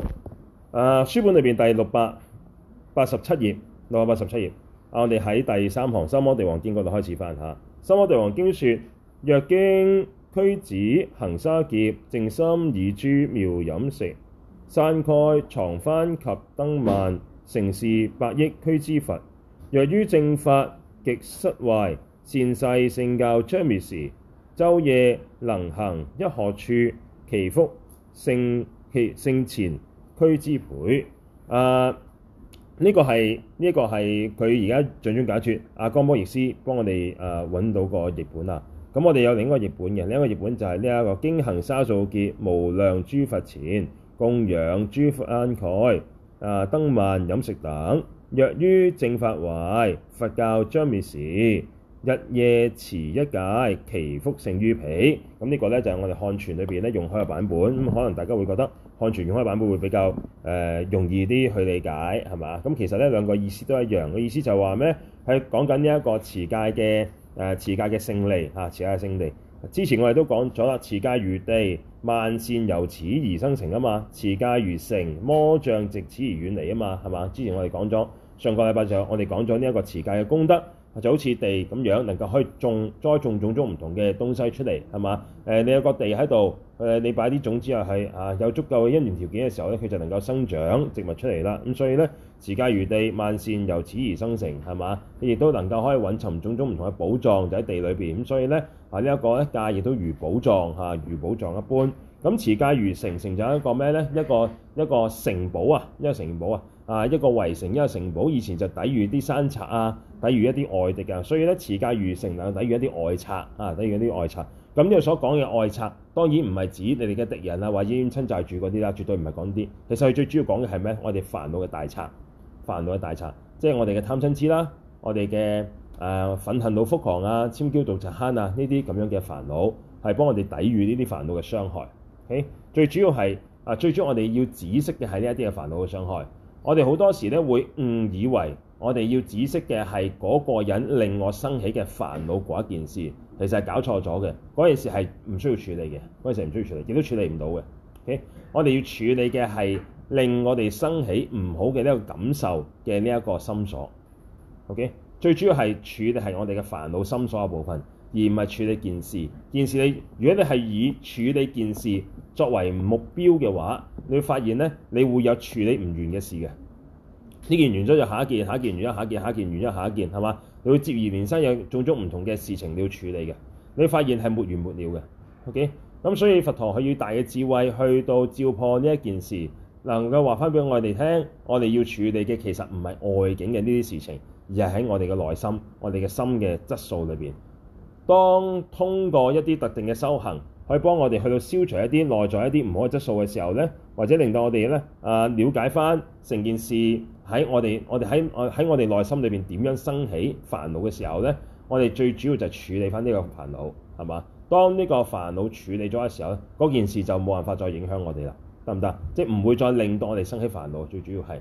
好、啊，書本裏邊第六百八十七頁，六百八十七頁，啊，我哋喺第三行《三摩地王經》嗰度開始翻吓，《三摩地王經》說：若經俱胝恒沙劫，淨心以諸妙飲食，傘蓋幢幡及燈鬘，承事百億俱胝佛。若於正法極失壞，善逝聖教將滅時，晝夜能行一學處祈，其福聖。佢聖前區之配啊，呢、呃這個係呢、這個係佢而家盡終解決。阿江波易斯幫我哋啊揾到個譯本啦。咁、嗯、我哋有另一個譯本嘅，另一個譯本就係呢一個經行沙數劫，無量諸佛前供養諸佛安蓋啊，燈燭飲食等，若於正法壞，佛教將滅時，日夜持一戒，其福勝於彼。咁、嗯這個、呢個咧就係、是、我哋漢傳裏邊咧用開嘅版本，咁、嗯、可能大家會覺得。看全開版本會比較誒、呃、容易啲去理解係嘛？咁、嗯、其實呢兩個意思都一樣嘅意思就話咩？係講緊呢一個持戒嘅誒持戒嘅勝利啊，持戒嘅勝利。之前我哋都講咗啦，持戒如地，萬善由此而生成啊嘛。持戒如城，魔障藉此而遠離啊嘛，係嘛？之前我哋講咗上個禮拜就我哋講咗呢一個持戒嘅功德。就好似地咁樣，能夠可以種栽種種種唔同嘅東西出嚟，係嘛？誒、呃，你有個地喺度，誒、呃，你擺啲種子之後係啊，有足夠嘅因緣條件嘅時候咧，佢就能夠生長植物出嚟啦。咁、啊、所以咧，持戒如地，萬善由此而生成，係嘛？你亦都能夠可以揾尋種種唔同嘅寶藏就喺地裏邊。咁、啊、所以咧，啊呢一、這個咧戒亦都如寶藏嚇、啊，如寶藏一般。咁持戒如城，成就一個咩咧？一個一個城堡啊，一個城堡啊。啊！一個圍城，一個城堡，以前就抵禦啲山賊啊，抵禦一啲外敵啊。所以咧，持界如城能抵禦一啲外賊啊，抵禦一啲外賊。咁呢個所講嘅外賊，當然唔係指你哋嘅敵人啊，或者親債主嗰啲啦，絕對唔係講啲。其實佢最主要講嘅係咩？我哋煩惱嘅大賊，煩惱嘅大賊，即係我哋嘅貪嗔痴啦，我哋嘅誒憤恨老瘋狂啊，遷嬌獨疾慳啊，呢啲咁樣嘅煩惱，係幫我哋抵禦呢啲煩惱嘅傷害。最主要係啊，最中我哋要仔識嘅係呢一啲嘅煩惱嘅傷害，我哋好多時咧會誤以為我哋要止息嘅係嗰個人令我生起嘅煩惱嗰一件事，其實係搞錯咗嘅。嗰件事係唔需要處理嘅，嗰件事唔需要處理，亦都處理唔到嘅。OK，我哋要處理嘅係令我哋生起唔好嘅呢個感受嘅呢一個心所。OK，最主要係處理係我哋嘅煩惱心所嘅部分，而唔係處理件事。件事你如果你係以處理件事。作為目標嘅話，你會發現咧，你會有處理唔完嘅事嘅。呢件完咗就下一件，下一件完咗，下一件，下一件完咗，下一件，係嘛？你會接二連三有種種唔同嘅事情要處理嘅。你會發現係沒完沒了嘅。OK，咁所以佛陀佢要大嘅智慧去到照破呢一件事，能夠話翻俾我哋聽，我哋要處理嘅其實唔係外境嘅呢啲事情，而係喺我哋嘅內心、我哋嘅心嘅質素裏邊。當通過一啲特定嘅修行，可以幫我哋去到消除一啲內在一啲唔好嘅質素嘅時候呢，或者令到我哋咧啊，了解翻成件事喺我哋我哋喺我喺我哋內心裏邊點樣生起煩惱嘅時候呢，我哋最主要就係處理翻呢個煩惱，係嘛？當呢個煩惱處理咗嘅時候咧，嗰件事就冇辦法再影響我哋啦，得唔得？即係唔會再令到我哋生起煩惱，最主要係。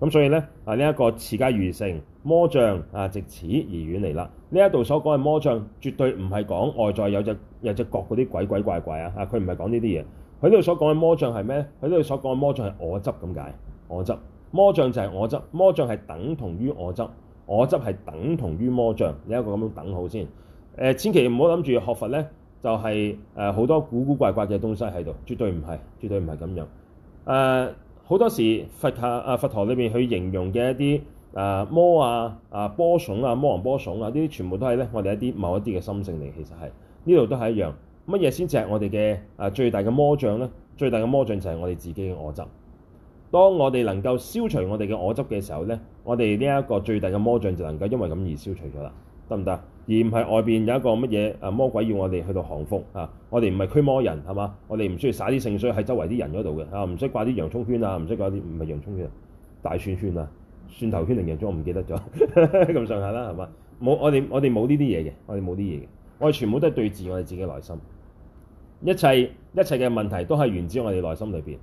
咁所以呢，啊呢一個似家如城魔障啊，藉此而遠離啦。呢一度所講嘅魔障絕對唔係講外在有隻有隻角嗰啲鬼鬼怪怪啊！啊，佢唔係講呢啲嘢，佢呢度所講嘅魔障係咩？佢呢度所講嘅魔障係我執咁解，我執魔障就係我執，魔障係等同於我執，我執係等同於魔障。你一個咁樣等號先，誒、呃，千祈唔好諗住學佛咧，就係誒好多古古怪怪嘅東西喺度，絕對唔係，絕對唔係咁樣。誒、呃，好多時佛下啊，佛陀裏面去形容嘅一啲。啊，魔啊，波啊，波旬啊，魔王波旬啊，呢啲全部都係咧，我哋一啲某一啲嘅心性嚟，其實係呢度都係一樣。乜嘢先係我哋嘅啊最大嘅魔障咧？最大嘅魔，魔障就係我哋自己嘅我執。當我哋能夠消除我哋嘅我執嘅時候咧，我哋呢一個最大嘅魔障就能夠因為咁而消除咗啦，得唔得？而唔係外邊有一個乜嘢啊魔鬼要我哋去到降服啊？我哋唔係驅魔人係嘛？我哋唔需要撒啲聖水喺周圍啲人嗰度嘅啊，唔需要掛啲洋葱圈啊，唔需要掛啲唔係洋葱圈、大蒜圈啊。蒜頭圈、定元鐘，我唔記得咗咁上下啦，係 嘛？冇，我哋我哋冇呢啲嘢嘅，我哋冇啲嘢嘅，我哋全部都係對治我哋自己內心，一切一切嘅問題都係源自我哋內心裏邊，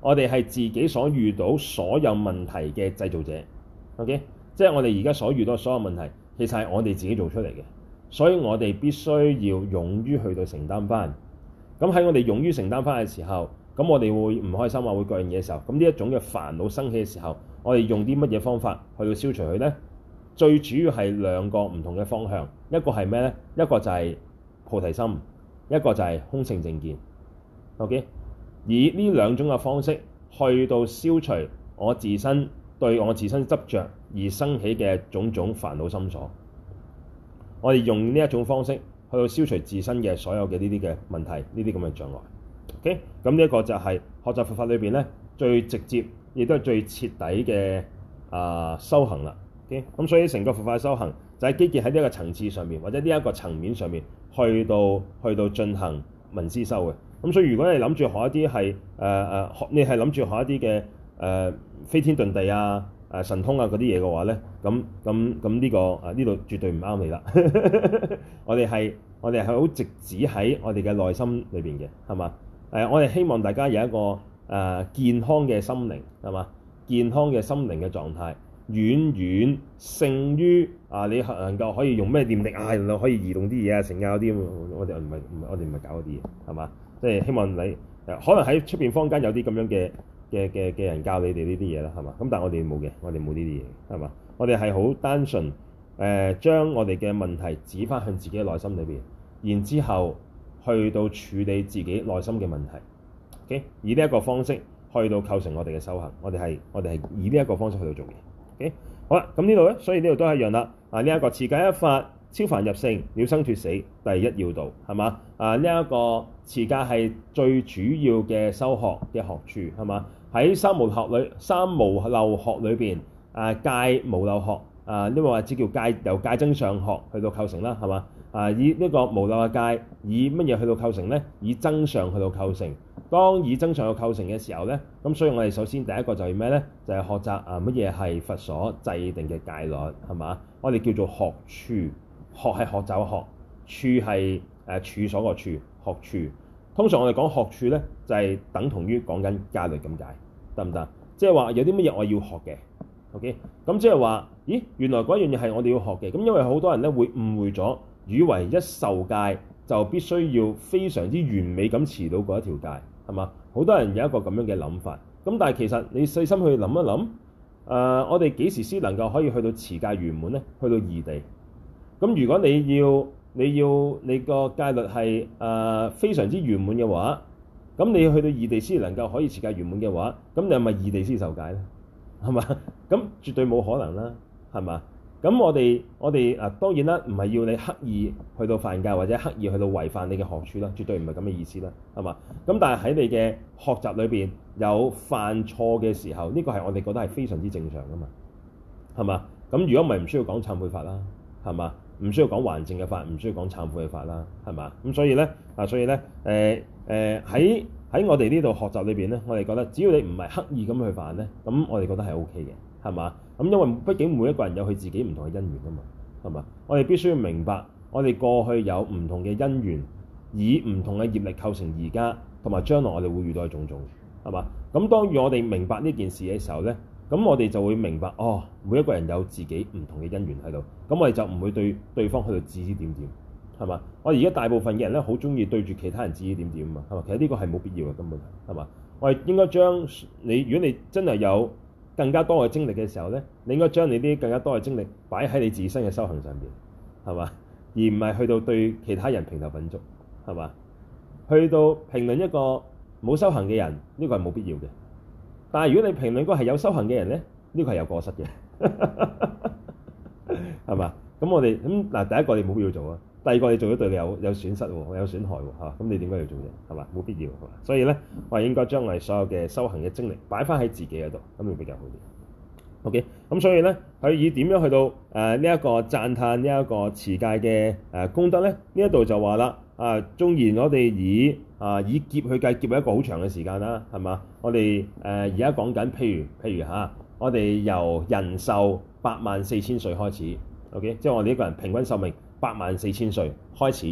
我哋係自己所遇到所有問題嘅製造者。OK，即係我哋而家所遇到所有問題，其實係我哋自己做出嚟嘅，所以我哋必須要勇於去到承擔翻。咁喺我哋勇於承擔翻嘅時候，咁我哋會唔開心啊，會各種嘢嘅時候，咁呢一種嘅煩惱生起嘅時候。我哋用啲乜嘢方法去到消除佢呢？最主要係兩個唔同嘅方向，一個係咩呢？一個就係菩提心，一個就係空性正見。O.K. 以呢兩種嘅方式去到消除我自身對我自身執着而生起嘅種種煩惱心所。我哋用呢一種方式去到消除自身嘅所有嘅呢啲嘅問題，呢啲咁嘅障礙。O.K. 咁呢個就係學習佛法裏面咧最直接。亦都係最徹底嘅啊、呃、修行啦，OK，咁所以成個佛法修行就係基建喺呢一個層次上面，或者呢一個層面上面去到去到進行聞思修嘅。咁所以如果你諗住學一啲係誒誒學，你係諗住學一啲嘅誒飛天遁地啊、誒、啊、神通啊嗰啲嘢嘅話咧，咁咁咁呢個啊呢度絕對唔啱你啦。 我哋係我哋係好直指喺我哋嘅內心裏邊嘅，係嘛？誒、呃，我哋希望大家有一個。誒健康嘅心靈係嘛？健康嘅心靈嘅狀態遠遠勝於啊！你能夠可以用咩念力啊？能夠可以移動啲嘢啊、成啊嗰啲咁。我哋唔係唔係，我哋唔係搞嗰啲嘢係嘛？即係、就是、希望你可能喺出邊坊間有啲咁樣嘅嘅嘅嘅人教你哋呢啲嘢啦係嘛？咁但係我哋冇嘅，我哋冇呢啲嘢係嘛？我哋係好單純誒，將、呃、我哋嘅問題指翻向自己內心裏邊，然之後去到處理自己內心嘅問題。以呢一個，個方式去到構成我哋嘅修行，我哋係我哋係以呢一個方式去到做嘅。OK，好啦，咁呢度咧，所以呢度都係一樣啦。啊，呢、這個、一個持戒一法，超凡入聖，了生脱死，第一要道係嘛？啊，呢、這、一個持戒係最主要嘅修學嘅學處係嘛？喺三無學裏，三無漏學裏邊，啊戒無漏學，啊呢個話之叫戒，由戒增上學去到構成啦，係嘛？啊！以呢個無漏嘅界，以乜嘢去到構成呢？以增上去到構成。當以增上去構成嘅時候呢，咁所以我哋首先第一個就係咩呢？就係、是、學習啊！乜嘢係佛所制定嘅戒律係嘛？我哋叫做學處。學係學習嘅學，處係誒處所個處。學處通常我哋講學處呢，就係、是、等同於講緊戒律咁解得唔得？即係話有啲乜嘢我要學嘅。OK，咁即係話咦，原來嗰樣嘢係我哋要學嘅。咁因為好多人呢會誤會咗。與為一受戒，就必須要非常之完美咁持到嗰一條戒，係嘛？好多人有一個咁樣嘅諗法，咁但係其實你細心去諗一諗，誒、呃，我哋幾時先能夠可以去到持戒圓滿呢？去到異地，咁如果你要你要你個戒律係誒、呃、非常之圓滿嘅話，咁你去到異地先能夠可以持戒圓滿嘅話，咁你係咪異地先受戒咧？係嘛？咁絕對冇可能啦，係嘛？咁我哋我哋啊當然啦，唔係要你刻意去到犯戒，或者刻意去到違反你嘅學處啦，絕對唔係咁嘅意思啦，係嘛？咁但係喺你嘅學習裏邊有犯錯嘅時候，呢個係我哋覺得係非常之正常噶嘛，係嘛？咁如果唔係唔需要講懺悔法啦，係嘛？唔需要講還淨嘅法，唔需要講懺悔嘅法啦，係嘛？咁所以咧啊，所以咧誒誒喺喺我哋呢度學習裏邊咧，我哋覺得只要你唔係刻意咁去犯咧，咁我哋覺得係 O K 嘅，係嘛？咁因為畢竟每一個人有佢自己唔同嘅姻緣啊嘛，係嘛？我哋必須要明白，我哋過去有唔同嘅姻緣，以唔同嘅業力構成而家同埋將來，我哋會遇到嘅種種，係嘛？咁當我哋明白呢件事嘅時候呢，咁我哋就會明白，哦，每一個人有自己唔同嘅姻緣喺度，咁我哋就唔會對對方去到指指點點，係嘛？我哋而家大部分嘅人呢，好中意對住其他人指指點點嘛，係嘛？其實呢個係冇必要嘅根本，係嘛？我哋應該將你，如果你真係有更加多嘅精力嘅時候咧，你應該將你啲更加多嘅精力擺喺你自身嘅修行上邊，係嘛？而唔係去到對其他人評頭品足，係嘛？去到評論一個冇修行嘅人，呢個係冇必要嘅。但係如果你評論個係有修行嘅人咧，呢個係有過失嘅，係 嘛？咁我哋咁嗱，第一個你冇必要做啊。第二個，你做咗對你有有損失喎，有損害喎嚇，咁啊，你點解要做嘢？係嘛，冇必要，所以咧，我係應該將我哋所有嘅修行嘅精力擺翻喺自己嗰度，咁會比較好啲。OK，咁所以咧，佢以點樣去到誒呢一個讚歎呢一個持戒嘅誒功德咧？呢一度就話啦，啊，縱然我哋以啊以劫去計劫，一個好長嘅時間啦，係嘛？我哋誒而家講緊，譬如譬如嚇，啊，我哋由人壽八萬四千歲開始，OK，即係我哋一個人平均壽命。八萬四千歲開始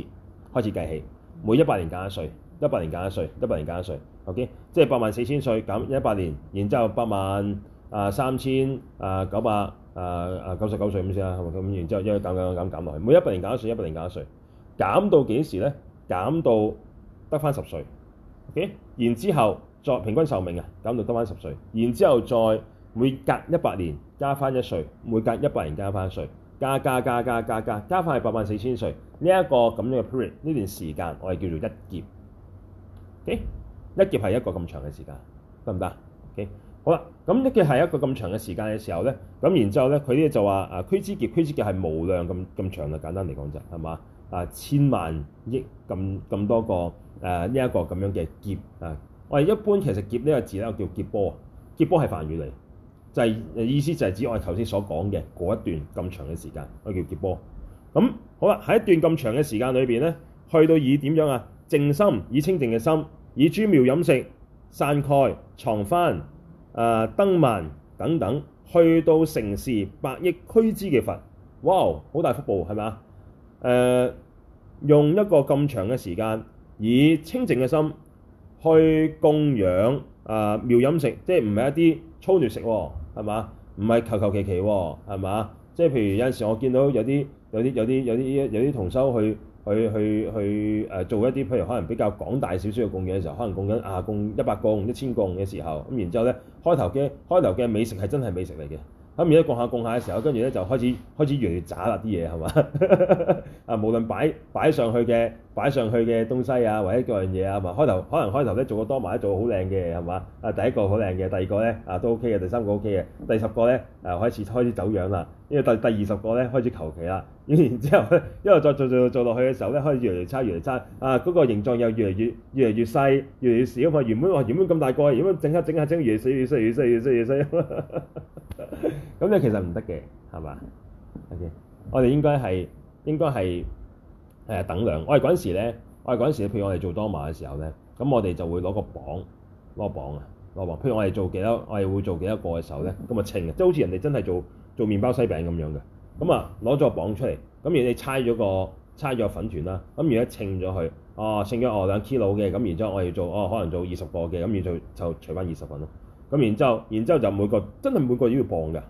開始計起，每一百年減一歲，一百年減一歲，一百年減一歲。OK，即係八萬四千歲減一百年，然之後八萬啊三千啊九百啊啊九十九歲咁先啦，係咪咁？然之後一路減減減減落去，每一百年減一歲，一百年減一歲，減到幾時咧？減到得返十歲。OK，然之後再平均壽命啊，減到得返十歲，然之後再每隔一百年加返一歲，每隔一百年加返一歲。加加加加加加，加翻係八萬四千歲。呢一個咁樣嘅 period，呢段時間我哋叫做一劫。誒，okay？一劫係一個咁長嘅時間，得唔得？OK，好啦，咁一劫係一個咁長嘅時間嘅時候咧，咁然之後咧，佢咧就話啊，虛之劫，虛之劫係無量咁咁長嘅，簡單嚟講就係嘛，啊，千萬億咁咁多個誒呢一個咁樣嘅劫啊。我哋一般其實劫呢個字咧叫劫波啊，劫波係梵語嚟。就係、是、意思就係指我哋頭先所講嘅嗰一段咁長嘅時間，我叫劫波。咁好啦，喺一段咁長嘅時間裏邊咧，去到以點樣啊？靜心，以清淨嘅心，以諸妙飲食、散蓋、幢幡、啊燈鬘等等，去到承事百億俱胝嘅佛。哇！好大福報係咪？誒、呃，用一個咁長嘅時間，以清淨嘅心去供養啊、呃、妙飲食，即係唔係一啲。粗劣食喎，係嘛？唔係求求其其喎，係嘛？即係譬如有陣時，我見到有啲有啲有啲有啲有啲同修去去去去誒、呃、做一啲，譬如可能比較廣大少少嘅供應嘅時候，可能供緊啊，供一百個一千個嘅時候，咁、嗯、然之後咧，開頭嘅開頭嘅美食係真係美食嚟嘅。咁而家逛下逛下嘅時候，跟住咧就開始開始越來越渣啦，啲嘢係嘛？ 無論擺上去嘅擺上去嘅東西啊，或者各樣嘢啊，係嘛？開頭可能開頭咧做個多埋，做個好靚嘅係嘛？啊，第一個好靚嘅，第二個咧、啊、都 OK 嘅，第三個 OK 嘅，第十個呢啊，開始開始走樣啦，因為第二十個呢開始求其啦。然之後咧，因為再做做做落去嘅時候咧，開始越嚟越差，越嚟越差啊！嗰個形狀又越嚟越越嚟越細，越嚟越少。嘛。原本話原本咁大個，原本整下整下將越嚟越細，越細，越細，越細，越細咁。咁其實唔得嘅，係嘛？OK。我哋應該係應該係誒等量。我哋嗰陣時咧，我哋嗰陣時，譬如我哋做多馬嘅時候咧，咁我哋就會攞個磅攞磅啊，攞磅。譬如我哋做幾多，我哋會做幾多個嘅時候咧，咁啊稱嘅，即係好似人哋真係做做麵包西餅咁樣嘅。咁啊，攞咗個磅出嚟，咁而你猜咗個猜咗個粉團啦，咁而家稱咗佢，哦，稱咗我兩 kilo 嘅，咁然之後我要做，哦可能做二十個嘅，咁然後就就取翻二十份咯。咁然之後，然之後就每個真係每個都要磅嘅，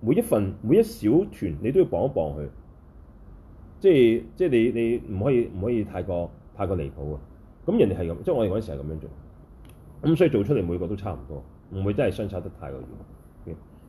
每一份每一小團你都要磅一磅佢，即係即係你你唔可以唔可以太過太過離譜啊。咁人哋係咁，即係我哋嗰陣時係咁樣做，咁、嗯、所以做出嚟每個都差唔多，唔會真係相差得太過遠。咁、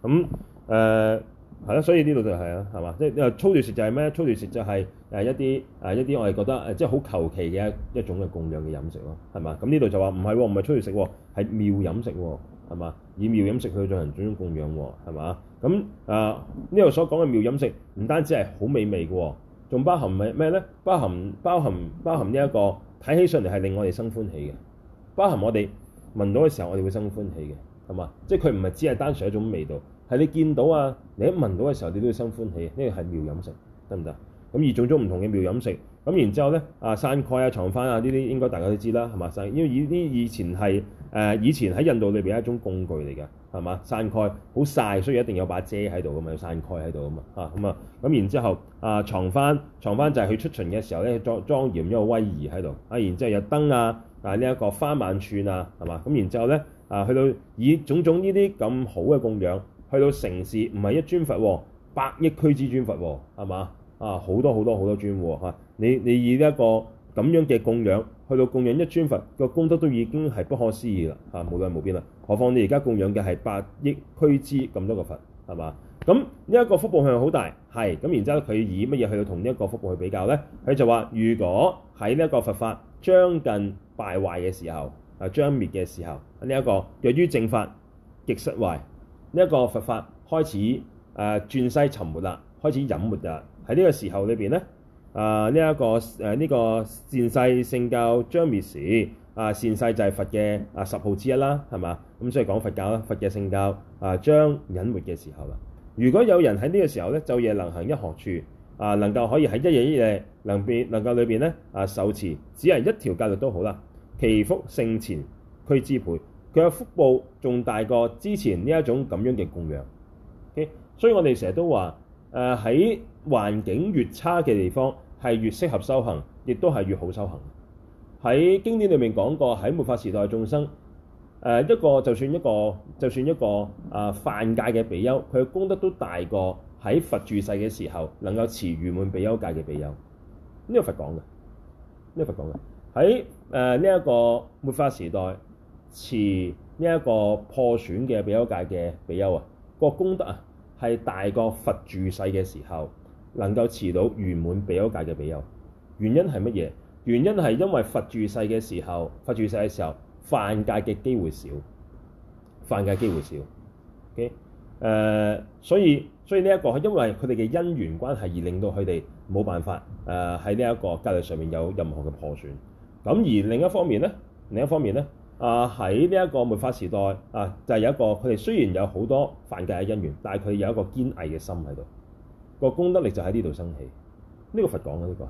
嗯、誒。嗯嗯嗯呃係咯，所以呢度就係、是、啊，係嘛？即係你話粗糧食就係咩？粗糧食就係誒一啲誒一啲，我哋覺得誒即係好求其嘅一一種嘅供養嘅飲食咯，係嘛？咁呢度就話唔係喎，唔係粗糧食喎、哦，係妙飲食喎、哦，係嘛？以妙飲食去進行種種供養喎、哦，係嘛？咁啊呢度所講嘅妙飲食唔單止係好美味嘅、哦，仲包含咩咩咧？包含包含包含呢、這、一個睇起上嚟係令我哋生歡喜嘅，包含我哋聞到嘅時候我哋會生歡喜嘅，係嘛？即係佢唔係只係單純一種味道。係你見到啊，你一聞到嘅時候，你都要生歡喜，呢個係妙飲食，得唔得？咁而種種唔同嘅妙飲食，咁然之後咧啊，傘蓋啊、幢幡啊，呢啲應該大家都知啦，係嘛？因為以啲、呃、以前係誒以前喺印度裏邊一種工具嚟嘅，係嘛？傘蓋好曬，所以一定有把遮喺度咁嘛，有傘蓋喺度啊嘛嚇咁啊咁。然之後啊，幢幡幢幡就係佢出巡嘅時候咧，莊莊嚴一個威儀喺度啊。然之後有燈啊啊呢一、這個花萬串啊係嘛？咁然之後咧啊去到以種種呢啲咁好嘅供養。去到城市唔係一尊佛喎、哦，百億區之尊佛喎、哦，係嘛？啊，好多好多好多尊喎、啊啊、你你以呢一個咁樣嘅供養，去到供養一尊佛個功德都已經係不可思議啦嚇、啊，無量無邊啦。何況你而家供養嘅係百億區之咁多個佛，係嘛？咁呢一個福報向好大，係咁，然之後佢以乜嘢去到同呢一個福報去比較咧？佢就話：如果喺呢一個佛法將近敗壞嘅時候，啊將滅嘅時候，呢、這、一個若於正法極失壞。呢一個佛法開始誒轉、呃、世沉沒啦，開始隱沒啦。喺呢個時候裏邊咧，誒呢一個誒呢、呃這個善逝聖教將滅時，啊、呃、善逝就係佛嘅啊、呃、十號之一啦，係嘛？咁所以講佛教啦，佛嘅聖教啊將隱沒嘅時候啦。如果有人喺呢個時候咧，晝夜能行一學處，啊、呃、能夠可以喺一日一夜，一夜能變能夠裏邊咧啊受持只係一條戒律都好啦，其福勝前，俱胝倍。佢嘅福報仲大過之前呢一種咁樣嘅供養，okay? 所以我哋成日都話誒喺環境越差嘅地方係越適合修行，亦都係越好修行。喺經典裏面講過，喺末法時代眾，眾生誒一個就算一個就算一個啊犯戒嘅比丘，佢嘅功德都大過喺佛住世嘅時候能夠持圓滿比丘戒嘅比丘。呢、呃這個佛講嘅，呢個佛講嘅喺誒呢一個末法時代。持呢一個破損嘅比丘戒嘅比丘啊，個功德啊係大過佛住世嘅時候能夠持到圓滿比丘戒嘅比丘。原因係乜嘢？原因係因為佛住世嘅時候，佛住世嘅時候犯戒嘅機會少，犯戒機會少。O、okay? 呃、所以所以呢、這、一個係因為佢哋嘅姻緣關係而令到佢哋冇辦法誒喺呢一個戒律上面有任何嘅破損。咁而另一方面呢？另一方面呢？啊！喺呢一個末法時代啊，就係有一個佢哋雖然有好多犯戒嘅因緣，但係佢有一個堅毅嘅心喺度，個功德力就喺呢度生起。呢個佛講嘅呢個係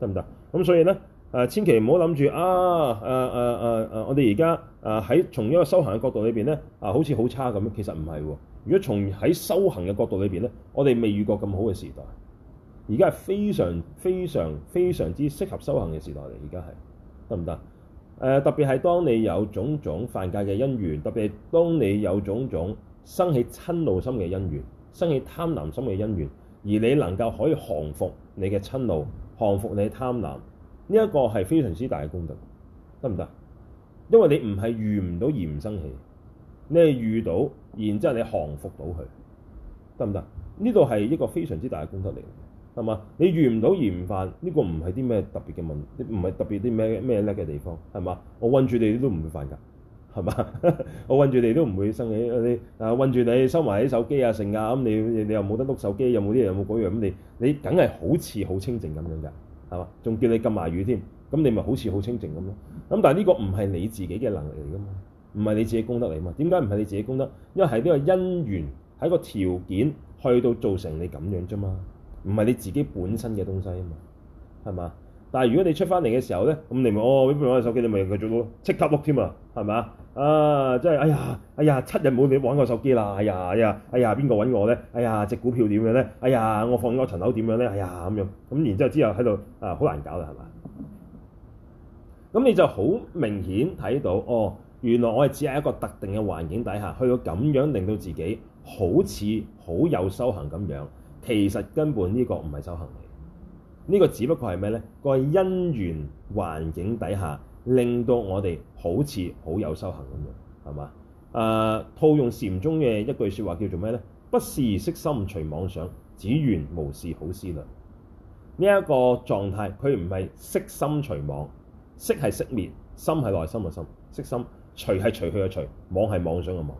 得唔得？咁所以咧，誒千祈唔好諗住啊！誒誒誒誒，我哋而家啊喺從一個修行嘅角度裏邊咧啊，好似好差咁樣，其實唔係喎。如果從喺修行嘅角度裏邊咧，我哋未遇過咁好嘅時代，而家係非常非常非常之適合修行嘅時代嚟，而家係得唔得？誒特別係當你有種種犯戒嘅因緣，特別係當你有種種生起嗔怒心嘅因緣，生起貪婪心嘅因緣，而你能夠可以降服你嘅嗔怒，降服你嘅貪婪，呢一個係非常之大嘅功德，得唔得？因為你唔係遇唔到而唔生氣，你係遇到然之後你降服到佢，得唔得？呢度係一個非常之大嘅功德嚟。係嘛？你遇唔到而唔犯呢個，唔係啲咩特別嘅問，唔係特別啲咩咩叻嘅地方係嘛？我困住你都唔會犯㗎係嘛？ 我困住你都唔會生起你啊，困住你收埋啲手機啊剩啊咁，你你，你又冇得碌手機，有冇啲嘢？有冇嗰樣咁？你你梗係好似好清淨咁樣㗎係嘛？仲叫你撳埋雨添咁，你咪好似好清淨咁咯。咁但係呢個唔係你自己嘅能力嚟㗎嘛，唔係你自己功德嚟嘛。點解唔係你自己功德？因為係呢個因緣係一個條件去到造成你咁樣啫嘛。唔係你自己本身嘅東西啊嘛，係嘛？但係如果你出翻嚟嘅時候咧，咁你咪哦，一般玩手機，你咪繼續碌，即刻碌添啊，係咪？啊，即係哎呀，哎呀，七日冇你玩過手機啦，哎呀，哎呀，哎呀，邊個揾我咧？哎呀，隻股票點樣咧？哎呀，我放咗層樓點樣咧？哎呀，咁樣咁，然之後之後喺度啊，好難搞啦，係嘛？咁你就好明顯睇到哦，原來我係只係一個特定嘅環境底下，去到咁樣令到自己好似好有修行咁樣。其實根本呢個唔係修行嚟，呢、這個只不過係咩咧？個係因緣環境底下，令到我哋好似好有修行咁樣，係嘛？誒、啊，套用禪宗嘅一句說話叫做咩呢？「不是息心除妄，妄，妄想，只緣無事好思量。呢一個狀態，佢唔係息心除妄，息係息面；心係內心嘅心，息心除係除去嘅除，妄係妄想嘅妄。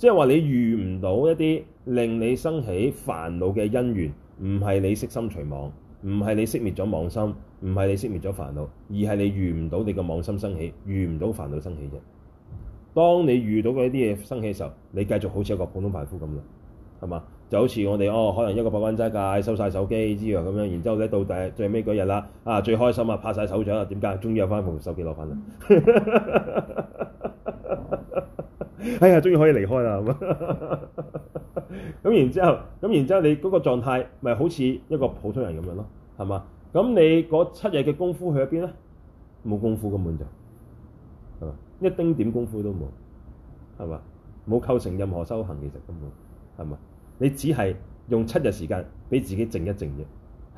即係話你遇唔到一啲令你生起煩惱嘅因緣，唔係你息心除妄，唔係你熄滅咗妄心，唔係你熄滅咗煩惱，而係你遇唔到你個妄心生起，遇唔到煩惱生起啫。當你遇到嗰一啲嘢生起嘅時候，你繼續好似一個普通凡夫咁啦，係嘛？就好似我哋哦，可能一個百萬齋戒收晒手機之類咁樣，然之後咧到底最尾嗰日啦，啊最開心啊拍晒手掌啊，點解終於有翻部手機攞翻啦？嗯 哎呀，終於可以離開啦！咁 然之後，咁然之後，你嗰個狀態咪好似一個普通人咁樣咯，係嘛？咁你嗰七日嘅功夫去咗邊咧？冇功夫根本就係嘛，一丁點功夫都冇係嘛，冇構成任何修行其實根本係嘛。你只係用七日時間俾自己靜一靜啫，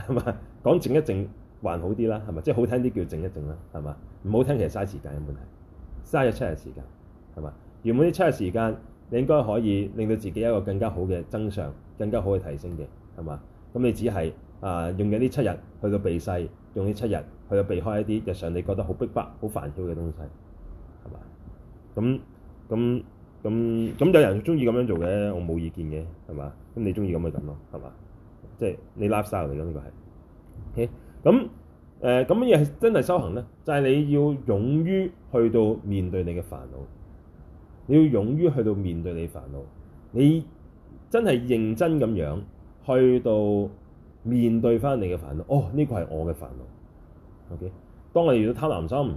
係嘛？講靜一靜還好啲啦，係咪？即係好聽啲叫靜一靜啦，係嘛？唔好聽其實嘥時間嘅問題，嘥咗七日時間係嘛？原本呢七日時間，你應該可以令到自己一個更加好嘅增長，更加好嘅提升嘅，係嘛？咁你只係啊、呃、用緊呢七日去到避世，用呢七日去到避開一啲日常你覺得好逼迫，迫、好煩囂嘅東西，係嘛？咁咁咁咁有人中意咁樣做嘅，我冇意見嘅，係嘛？咁你中意咁咪咁咯，係嘛？即係你 lifestyle 嚟嘅呢個係。OK，咁誒咁乜嘢係真係修行咧，就係、係、你要勇於去到面對你嘅煩惱。你要勇於去到面對你煩惱，你真係認真咁樣去到面對返你嘅煩惱。哦，呢個係我嘅煩惱。OK，當你遇到貪婪心、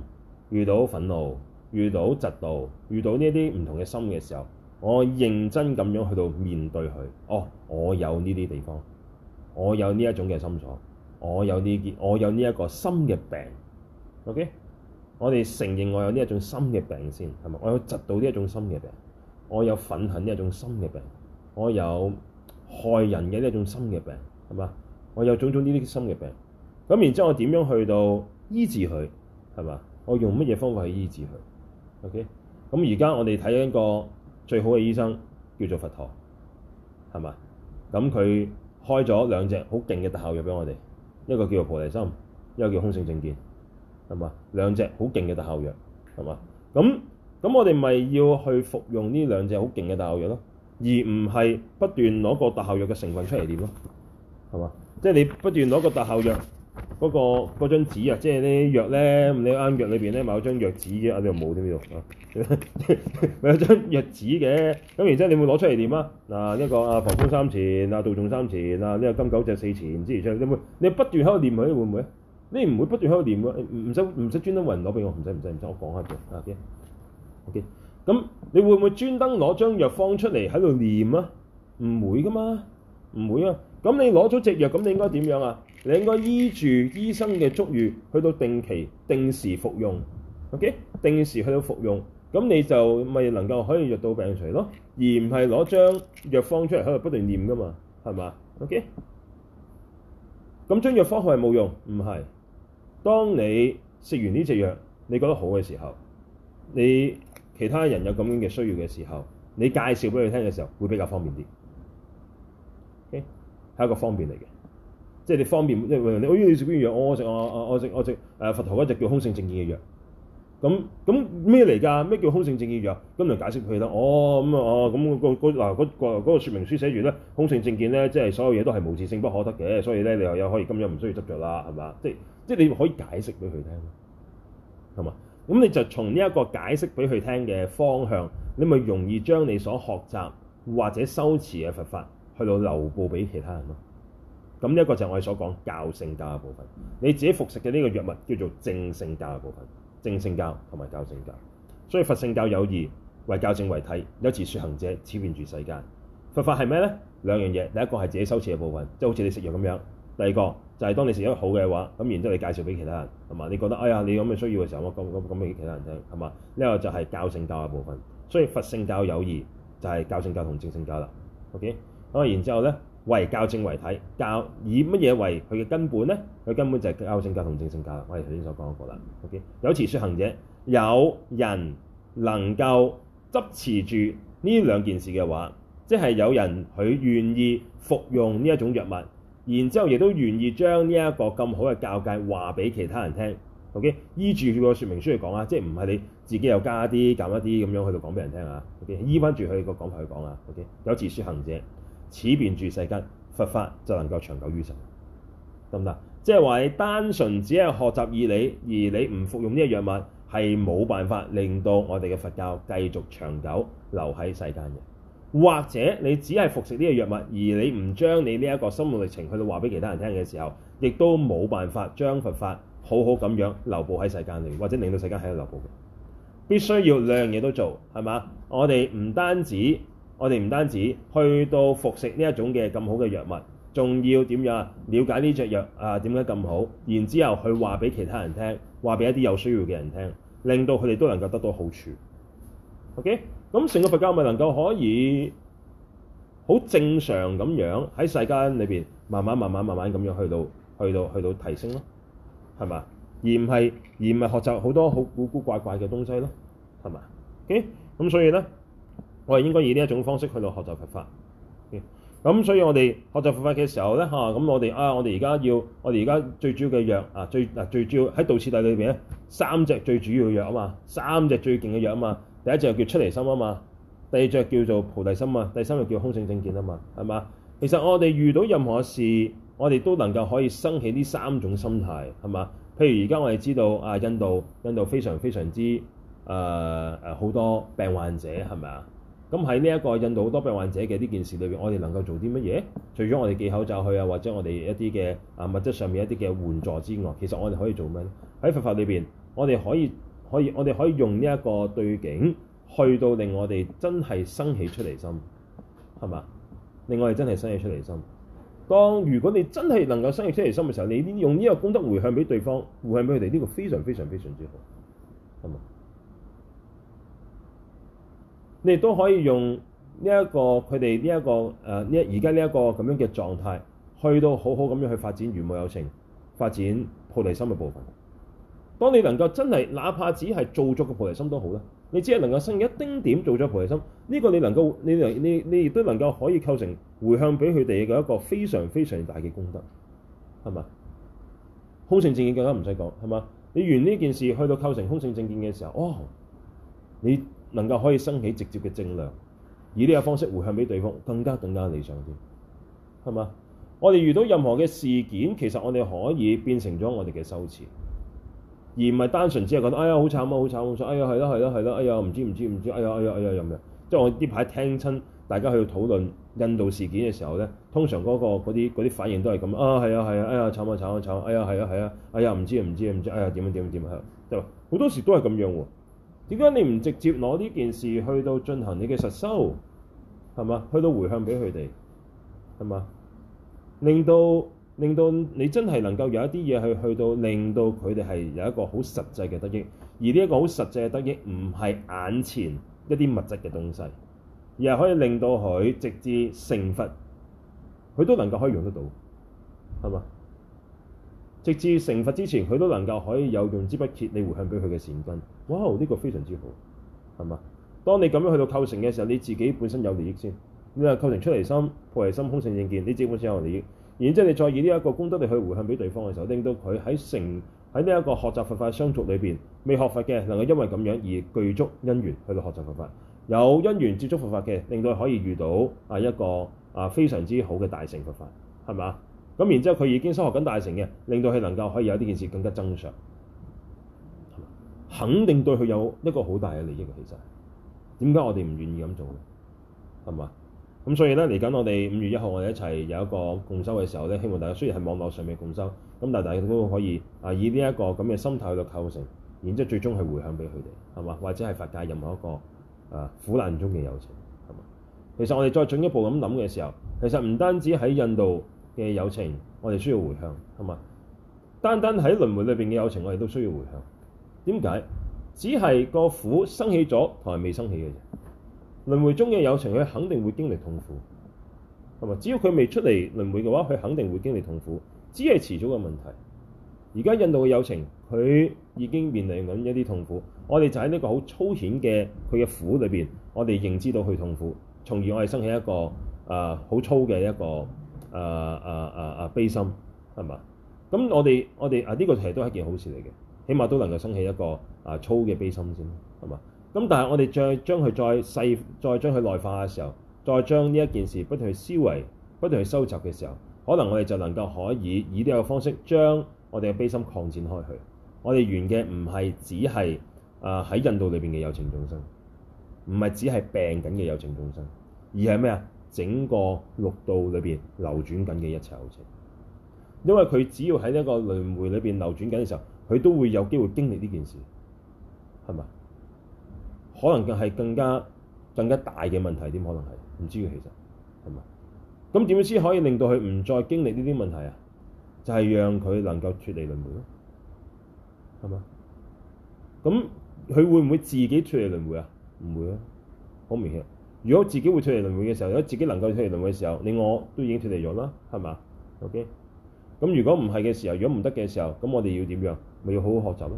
遇到憤怒、遇到嫉妒、遇到呢啲唔同嘅心嘅時候，我認真咁樣去到面對佢。哦，我有呢啲地方，我有呢一種嘅心所，我有呢啲，我有呢一個心嘅病。OK。我哋承認我有呢一種心嘅病先，係咪？我有嫉妒呢一種心嘅病，我有憤恨呢一種心嘅病，我有害人嘅呢一種心嘅病，係嘛？我有種種呢啲心嘅病。咁然之後我點樣去到醫治佢？係嘛？我用乜嘢方法去醫治佢？OK。咁而家我哋睇一個最好嘅醫生叫做佛陀，係嘛？咁佢開咗兩隻好勁嘅特效藥俾我哋，一個叫做菩提心，一個叫空性正見。係嘛，兩隻好勁嘅特效藥，係嘛？咁咁我哋咪要去服用呢兩隻好勁嘅特效藥咯，而唔係不斷攞個特效藥嘅成分出嚟念咯，係嘛？即係你不斷攞、個特效藥嗰個嗰張紙啊，即係啲藥咧，你啱藥裏邊咧買咗張藥紙嘅，我呢度冇添呢度，買咗張藥紙嘅，咁然之後你會攞出嚟念啊？嗱、呢、一個啊，防風三錢啊，杜仲三錢啊，呢個金狗脊四錢之類，你會你不斷喺度念佢，會唔會啊？你唔會不斷喺度念，唔使唔使專登揾人攞俾我，唔使唔使唔使，我講下先，OK，咁你會唔會專登攞張藥方出嚟喺度念啊？唔會噶嘛，唔會啊。咁你攞咗隻藥，咁你應該點樣啊？你應該依住醫生嘅足語去到定期定時服用，OK，定時去到服用，咁你就咪能夠可以藥到病除咯，而唔係攞張藥方出嚟喺度不斷念噶嘛，係嘛？OK，咁張藥方係冇用，唔係。當你食完呢隻藥，你覺得好嘅時候，你其他人有咁樣嘅需要嘅時候，你介紹俾佢聽嘅時候，會比較方便啲。o、okay? 係一個方便嚟嘅，即係你方便。即係喂、哎，你，食邊樣？我食我我食我食誒、啊、佛頭嗰隻叫空性正見嘅藥。咁咁咩嚟㗎？咩叫空性正見藥？咁就解釋佢啦。哦，咁、嗯、啊哦，咁、嗰個嗱嗰、嗰個嗰說明書寫完咧，空性正見咧，即係所有嘢都係無自性不可得嘅，所以咧你又又可以今日唔需要執着啦，係嘛？即係。即係你可以解釋俾佢聽，係嘛？咁你就從呢一個解釋俾佢聽嘅方向，你咪容易將你所學習或者修持嘅佛法去到流布俾其他人咯。咁呢一個就係我哋所講教聖教嘅部分。你自己服食嘅呢個藥物叫做證聖教嘅部分，證聖教同埋教聖教。所以佛聖教有二，為教正為體，有持說行者，此現住世間。佛法係咩咧？兩樣嘢，第一個係自己修持嘅部分，即係好似你食藥咁樣。第二個。就係當你成績好嘅話，咁然之後你介紹俾其他人係嘛？你覺得哎呀，你有咩需要嘅時候，咁咁咁俾其他人聽係嘛？呢、這個就係教性教嘅部分，所以佛性教有二，就係、是、教性教同正性教啦。OK，咁啊，然之後咧，為教性為體，教以乜嘢為佢嘅根本咧？佢根本就係教性教同正性教啦。我哋頭先所講過啦。OK，有持説行者，有人能夠執持住呢兩件事嘅話，即係有人佢願意服用呢一種藥物。然之後，亦都願意將呢一個咁好嘅教戒話俾其他人聽。O.K. 依住佢個說明書去講啊，即係唔係你自己又加啲減一啲咁樣去到講俾人聽啊？O.K. 依返住佢個講法去講啊。O.K. 有自説行者，此便住世間，佛法就能夠長久於世，得唔得？即係話你單純只係學習義理，而你唔服用呢個藥物，係冇辦法令到我哋嘅佛教繼續長久留喺世間嘅。或者你只係服食呢個藥物，而你唔將你呢一個心路歷程去到話俾其他人聽嘅時候，亦都冇辦法將佛法好好咁樣流布喺世間裏，或者令到世間喺度流布，必須要兩樣嘢都做，係嘛？我哋唔單止，我哋唔單止去到服食呢一種嘅咁好嘅藥物，仲要點樣啊？瞭解呢隻藥啊點解咁好？然之後去話俾其他人聽，話俾一啲有需要嘅人聽，令到佢哋都能夠得到好處。OK。咁成個佛教咪能夠可以好正常咁樣喺世間裏邊慢慢慢慢慢慢咁樣去到去到去到提升咯，係嘛？而唔係而唔係學習好多好古古怪怪嘅東西咯，係嘛？咁、okay? 所以咧，我哋應該以呢一種方式去到學習佛法。咁、okay? 所以我哋學習佛法嘅時候咧，吓、啊、咁我哋啊，我哋而家要我哋而家最主要嘅藥啊，最嗱、啊、最主要喺《道次第》裏邊咧，三隻最主要嘅藥啊嘛，三隻最勁嘅藥啊嘛。第一隻叫出離心啊嘛，第二隻叫做菩提心啊嘛，第三個叫空性正見啊嘛，係嘛？其實我哋遇到任何事，我哋都能夠可以生起呢三種心態，係嘛？譬如而家我哋知道啊，印度印度非常非常之誒誒好多病患者係咪啊？咁喺呢一個印度好多病患者嘅呢件事裏邊，我哋能夠做啲乜嘢？除咗我哋寄口罩去啊，或者我哋一啲嘅啊物質上面一啲嘅援助之外，其實我哋可以做咩咧？喺佛法裏邊，我哋可以。可以，我哋可以用呢一個對景，去到令我哋真係生起出離心，係嘛？令我哋真係生起出離心。當如果你真係能夠生起出離心嘅時候，你用呢個功德回向俾對方，回向俾佢哋，呢個非常非常非常之好，係嘛？你哋都可以用呢一個佢哋呢一個誒呢而家呢一個咁樣嘅狀態，去到好好咁樣去發展緣無有情，發展菩提心嘅部分。當你能夠真係，哪怕只係做足個菩提心都好啦。你只係能夠升一丁點做咗菩提心，呢、這個你能夠你能你你亦都能夠可以構成回向俾佢哋嘅一個非常非常大嘅功德，係嘛？空性正見更加唔使講，係嘛？你完呢件事去到構成空性正見嘅時候，哦，你能夠可以升起直接嘅正量，以呢個方式回向俾對方，更加更加理想啲，係嘛？我哋遇到任何嘅事件，其實我哋可以變成咗我哋嘅修持。而唔係單純只係覺得，哎呀，好慘啊，好慘好慘，哎呀，係啦係啦係啦，哎呀，唔知唔知唔知，哎呀哎呀哎呀，咁咩？即係我呢排聽親大家喺度討論印度事件嘅時候咧，通常嗰個嗰啲啲反應都係咁，啊係啊係啊，哎呀，慘啊慘啊慘，哎呀，係啊係啊，哎呀，唔知唔知唔知，哎呀，點樣點樣點樣，即係好多時都係咁樣喎。點解你唔直接攞呢件事去到進行你嘅實修係嘛？去到回向俾佢哋係嘛？令到令到你真係能夠有一啲嘢去去到令到佢哋係有一個好實際嘅得益，而呢一個好實際嘅得益唔係眼前一啲物質嘅東西，而係可以令到佢直至成佛，佢都能夠可以用得到，係嘛？直至成佛之前，佢都能夠可以有用之不竭你回向俾佢嘅善根。哇！呢個非常之好，係嘛？當你咁樣去到構成嘅時候，你自己本身有利益先。你話構成出離心、菩提心、空性正見，你自己本身有利益。然之後，你再以呢一個功德力去回向俾對方嘅時候，令到佢喺成喺呢一個學習佛法相續裏邊，未學佛嘅能夠因為咁樣而具足因緣去到學習佛法，有因緣接觸佛法嘅，令到佢可以遇到啊一個啊非常之好嘅大乘佛法，係嘛？咁然之後佢已經修學緊大乘嘅，令到佢能夠可以有呢件事更加增上，肯定對佢有一個好大嘅利益啊！其實點解我哋唔願意咁做咧？係嘛？咁所以咧，嚟緊我哋五月一號，我哋一齊有一個共修嘅時候咧，希望大家雖然係網絡上面共修，咁但係大家都可以啊，以呢一個咁嘅心態去度構成，然之後最終係回向俾佢哋，係嘛？或者係法界任何一個啊苦難中嘅有情，係嘛？其實我哋再進一步咁諗嘅時候，其實唔單止喺印度嘅有情，我哋需要回向，係嘛？單單喺輪迴裏邊嘅有情，我哋都需要回向。點解？只係個苦生起咗同埋未生起嘅啫。輪迴中嘅有情，佢肯定會經歷痛苦，係嘛？只要佢未出嚟輪迴嘅話，佢肯定會經歷痛苦，只係遲早嘅問題。而家印度嘅有情，佢已經面臨緊一啲痛苦。我哋就喺呢個好粗淺嘅佢嘅苦裏邊，我哋認知到佢痛苦，從而我係生起一個啊好、呃、粗嘅一個啊啊啊啊悲心，係嘛？咁我哋我哋啊呢、這個其實都係一件好事嚟嘅，起碼都能夠生起一個啊、呃、粗嘅悲心先，係嘛？咁但係我哋再將佢再細再將佢內化嘅時候，再將呢一件事不斷去思維、不斷去收集嘅時候，可能我哋就能夠可以以呢個方式將我哋嘅悲心擴展開去。我哋圓嘅唔係只係啊喺印度裏邊嘅有情眾生，唔係只係病緊嘅有情眾生，而係咩啊？整個六道裏邊流轉緊嘅一切有情，因為佢只要喺呢個輪迴裏邊流轉緊嘅時候，佢都會有機會經歷呢件事，係咪？可能更係更加更加大嘅問題，點可能係唔知嘅，其實係嘛？咁點樣先可以令到佢唔再經歷呢啲問題啊？就係讓佢能夠脱離輪迴咯，係嘛？咁佢會唔會自己脱離輪迴啊？唔會啊，好明顯。如果自己會脱離輪迴嘅時候，如果自己能夠脱離輪迴嘅時候，你我都已經脱離咗啦，係嘛？OK。咁如果唔係嘅時候，如果唔得嘅時候，咁我哋要點樣？咪要好好學習咯。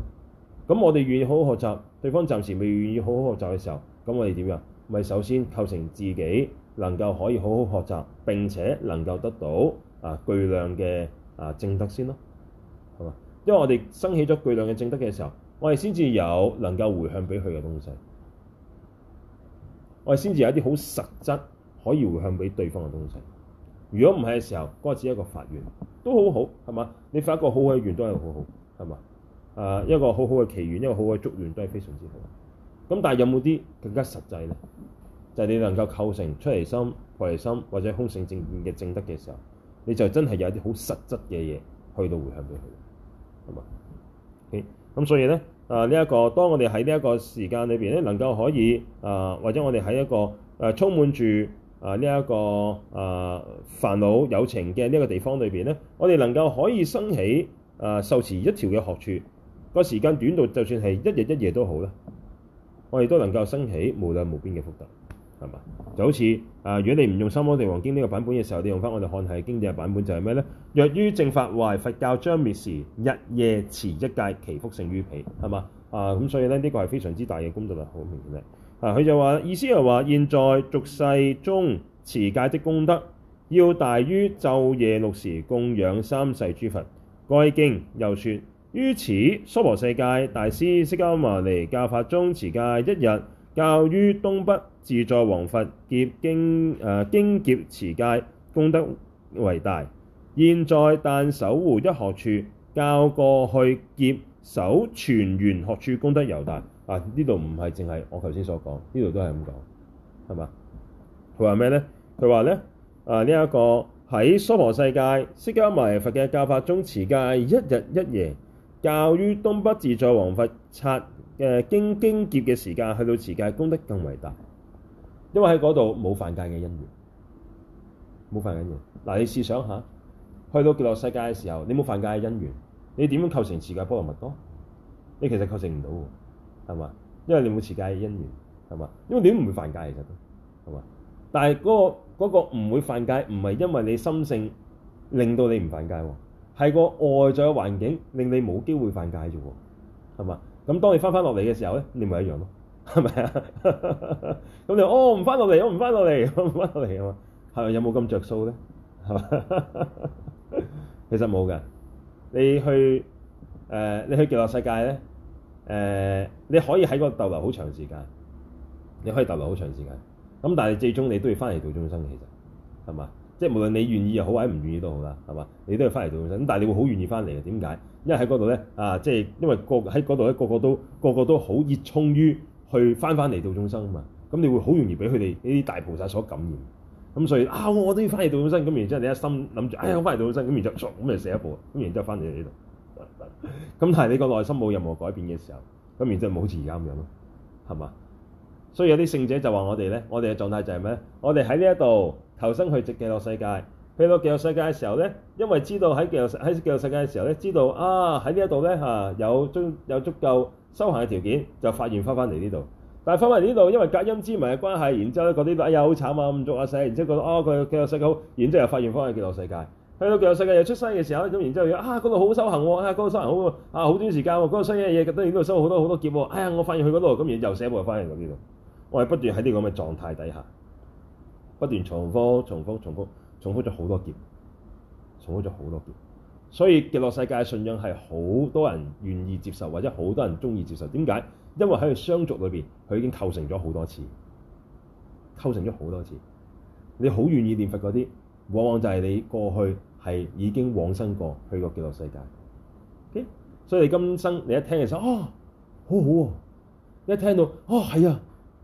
咁我哋願意好好學習，對方暫時未願意好好學習嘅時候，咁我哋點樣？咪首先構成自己能夠可以好好學習，並且能夠得到啊巨量嘅啊證德先咯，係嘛？因為我哋生起咗巨量嘅證德嘅時候，我哋先至有能夠回向俾佢嘅東西，我哋先至有一啲好實質可以回向俾對方嘅東西。如果唔係嘅時候，嗰個只係一個發願，都好好，係嘛？你發個好嘅願都係好好，係嘛？啊，一個好好嘅祈願，一個好好嘅祝願，都係非常之好。咁但係有冇啲更加實際咧？就係、是、你能夠構成出離心、菩提心或者空性正見嘅正德嘅時候，你就真係有啲好實質嘅嘢去到回向俾佢，係嘛？咁、okay. 嗯、所以咧，啊呢一個當我哋喺呢一個時間裏邊咧，能夠可以啊、呃，或者我哋喺一個誒、呃、充滿住啊呢一個啊煩惱有情嘅呢個地方裏邊咧，我哋能夠可以生起啊、呃、受持一條嘅學處。個時間短到就算係一日一夜都好啦，我哋都能夠升起無量無邊嘅福德，係嘛？就好似啊、呃，如果你唔用《三摩地王經》呢、這個版本嘅時候，你用翻我哋漢譯經典嘅版本就係咩呢？「若於正法壞、佛教將滅時，日夜持一戒，祈福勝於彼」，係嘛？啊，咁所以咧，呢個係非常之大嘅功德力，好明顯嘅。啊，佢就話意思就話，現在俗世中持戒的功德要大於晝夜六時供養三世諸佛。該經又說。於此娑婆世界，大師釋迦牟尼教法中持戒一日，教於東北自在王佛劫經，誒，經劫持戒功德為大。現在但守護一學處，教過去劫守全圓學處功德尤大。啊！呢度唔係淨係我頭先所講，呢度都係咁講，係嘛？佢話咩呢？佢話呢，誒呢一個喺娑婆世界釋迦牟尼佛嘅教法中持戒一日一夜。教於東北自在王佛剎嘅經經劫嘅時間，去到持戒功德更為大，因為喺嗰度冇犯戒嘅因緣，冇犯戒因緣。嗱、啊，你試想下，去到極樂世界嘅時候，你冇犯戒嘅因緣，你點樣構成持戒波羅蜜多？你其實構成唔到嘅，係嘛？因為你冇持戒嘅因緣，係嘛？因為點唔會犯戒嚟嘅，係嘛？但係嗰、那個嗰、那個唔會犯戒，唔係因為你心性令到你唔犯戒喎。係個外在嘅環境令你冇機會犯戒啫喎，係嘛？咁當你翻翻落嚟嘅時候咧，你咪一樣咯，係咪啊？咁 你話哦，唔翻落嚟，我唔翻落嚟，我唔翻落嚟啊嘛？係咪有冇咁着數咧？係嘛？ 其實冇㗎。你去誒、呃，你去極樂世界咧，誒、呃，你可以喺度逗留好長時間，你可以逗留好長時間。咁但係最終你都要翻嚟做眾生嘅，其實係嘛？即係無論你願意又好，或者唔願意都好啦，係嘛？你都要翻嚟做眾生。咁但係你會好願意翻嚟嘅，點解？因為喺嗰度咧，啊，即係因為個喺嗰度咧，個個都個個都好熱衷於去翻翻嚟做眾生啊嘛。咁你會好容易俾佢哋呢啲大菩薩所感染。咁所以啊，我都要翻嚟做眾生。咁然之後你一心諗住，哎呀，我翻嚟做眾生。咁然之後咁就，就寫一步。咁然之後翻嚟呢度。咁 但係你個內心冇任何改變嘅時候，咁然之後冇好似而家咁樣咯，係嘛？所以有啲聖者就話：我哋咧，我哋嘅狀態就係咩咧？我哋喺呢一度投生去極樂世界，去到極樂世界嘅時候咧，因為知道喺極樂喺極樂世界嘅時候咧，知道啊喺呢一度咧嚇有足有足夠修行嘅條件，就發現翻翻嚟呢度。但係翻翻嚟呢度，因為隔陰之迷嘅關係，然之後咧嗰啲啊好慘啊咁捉阿死，然之後覺得、哎、啊佢極樂世界好，然之後又發現翻去嚟極樂世界，去到極樂世界又出世嘅時候咁，然之後啊嗰度好修行喎，啊嗰度修行，啊行，啊行啊好啊好短時間喎、啊，嗰度衰嘅嘢都喺度收好、啊、多好多劫喎、啊。哎呀，我發現去嗰度咁，然後又寫部又翻嚟呢度。我係不斷喺呢個咁嘅狀態底下，不斷重複、重複、重複、重複咗好多劫，重複咗好多劫。所以極樂世界嘅信仰係好多人願意接受，或者好多人中意接受。點解？因為喺佢相續裏邊，佢已經構成咗好多次，構成咗好多次。你好願意念佛嗰啲，往往就係你過去係已經往生過去個極樂世界。Okay? 所以你今生你一聽就想啊，好好啊！」一聽到、哦、啊，係啊！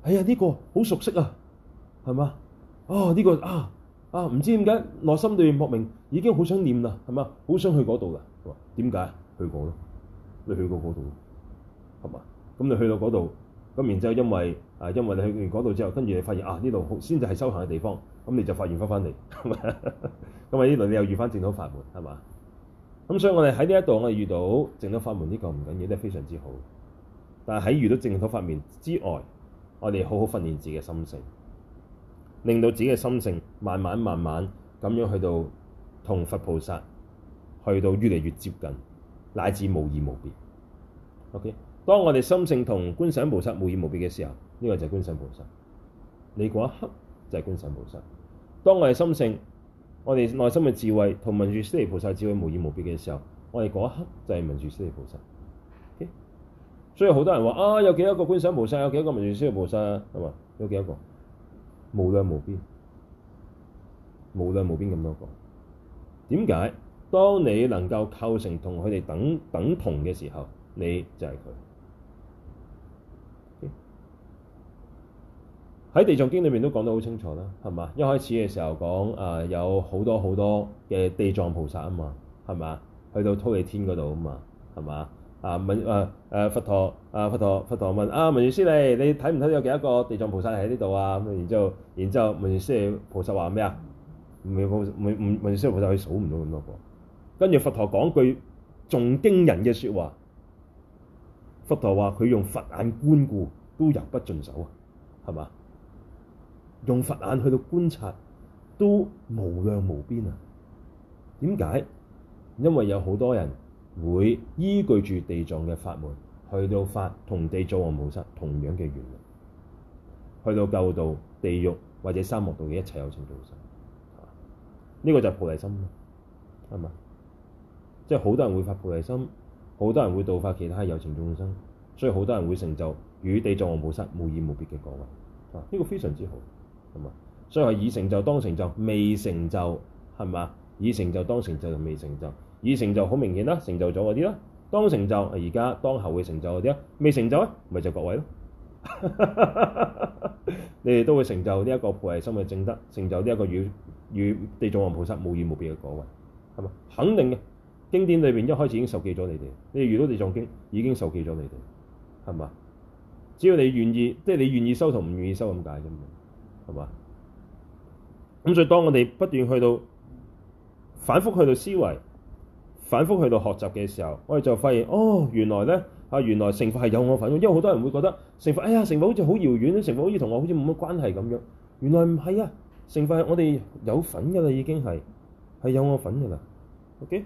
哎呀，呢個好熟悉啊，係嘛？哦，呢個啊啊，唔知點解內心裡面莫名已經好想念啦，係嘛？好想去嗰度啦，點解？去過咯，你去過嗰度，係嘛？咁你去到嗰度，咁然之後因為啊，因為你去完嗰度之後，跟住你發現啊，呢度先至係修行嘅地方，咁你就發現翻翻嚟，咁啊呢度你又遇翻正統法門，係嘛？咁所以我哋喺呢一度我哋遇到正統法門呢個唔緊要，都係非常之好。但係喺遇到正統法門之外。我哋好好訓練自己嘅心性，令到自己嘅心性慢慢慢慢咁樣去到同佛菩薩去到越嚟越接近，乃至無異無別。O、okay? K，當我哋心性同觀想菩薩無異無別嘅時候，呢、這個就係觀想菩薩。你嗰一刻就係觀想菩薩。當我哋心性，我哋內心嘅智慧同文殊師利菩薩智慧無異無別嘅時候，我哋嗰一刻就係文殊師利菩薩。所以好多人話啊，有幾多個觀世音菩薩？有幾多個文殊師利菩薩？係嘛？有幾多個無量無邊、無量無邊咁多個？點解？當你能夠構成同佢哋等等同嘅時候，你就係佢。喺地藏經裏面都講得好清楚啦，係嘛？一開始嘅時候講啊，有好多好多嘅地藏菩薩啊嘛，係嘛？去到忉利天嗰度啊嘛，係嘛？啊問，誒誒，佛陀啊，佛陀佛陀問啊，文殊師利，你睇唔睇有幾多個地藏菩薩喺呢度啊？咁然之後然之後文殊師利、利菩薩話咩啊？文菩文文文殊師利菩薩佢數唔到咁多個，跟住佛陀講句仲驚人嘅説話，佛陀話佢用佛眼觀顧都入不盡手啊，係嘛？用佛眼去到觀察都無量無邊啊！點解？因為有好多人。會依據住地藏嘅法門，去到發同地藏王菩薩同樣嘅願力，去到救度地獄或者三惡道嘅一切有情眾生。呢、啊這個就係菩提心嘛，係嘛？即係好多人會發菩提心，好多人會度化其他有情眾生，所以好多人會成就與地藏王菩薩無二無，無別嘅講話。呢、啊這個非常之好，係嘛？所以話以成就當成就，未成就係嘛？以成就當成就，未成就。已成就好明顯啦，成就咗嗰啲啦。當成就，而家當後會成就嗰啲啦。未成就啊，咪就各位咯。 你哋都會成就呢一個菩提心嘅正德，成就呢一個與與地藏王菩薩無異無別嘅果位，係嘛？肯定嘅。經典裏邊一開始已經受記咗你哋，你哋遇到地藏經已經受記咗你哋，係嘛？只要你願意，即係你願意收同唔願意收，咁解啫嘛，係嘛？咁所以當我哋不斷去到反覆去到思維。反覆去到學習嘅時候，我哋就發現哦，原來咧嚇，原來成佛係有我份。因為好多人會覺得成佛，哎呀，成佛好似好遙遠，成佛好似同我好似冇乜關係咁樣。原來唔係啊，成佛係我哋有份噶啦，已經係係有我份噶啦。OK，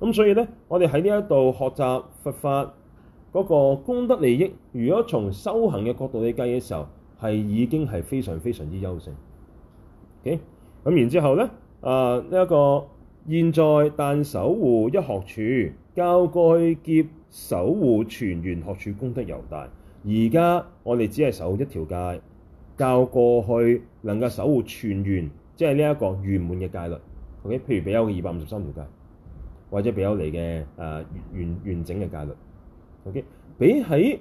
咁所以咧，我哋喺呢一度學習佛法嗰個功德利益，如果從修行嘅角度去計嘅時候，係已經係非常非常之優勝。OK，咁然之後咧，誒呢一個。現在但守護一學處，教過劫守護全員學處功德尤大。而家我哋只係守一條戒，教過去能夠守護全員，即係呢一個圓滿嘅戒律。OK，譬如比丘二百五十三條戒，或者比丘尼嘅誒完完整嘅戒律。OK，比起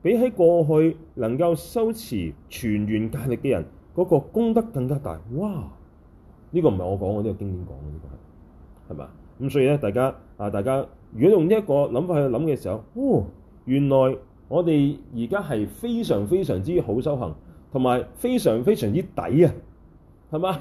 比起過去能夠修持全員戒律嘅人，嗰、那個功德更加大。哇！呢、這個唔係我講嘅，呢、這個經典講嘅呢個係係嘛？咁所以咧，大家啊，大家如果用呢一個諗法去諗嘅時候，哦、呃，原來我哋而家係非常非常之好修行，同埋非常非常之抵啊，係嘛？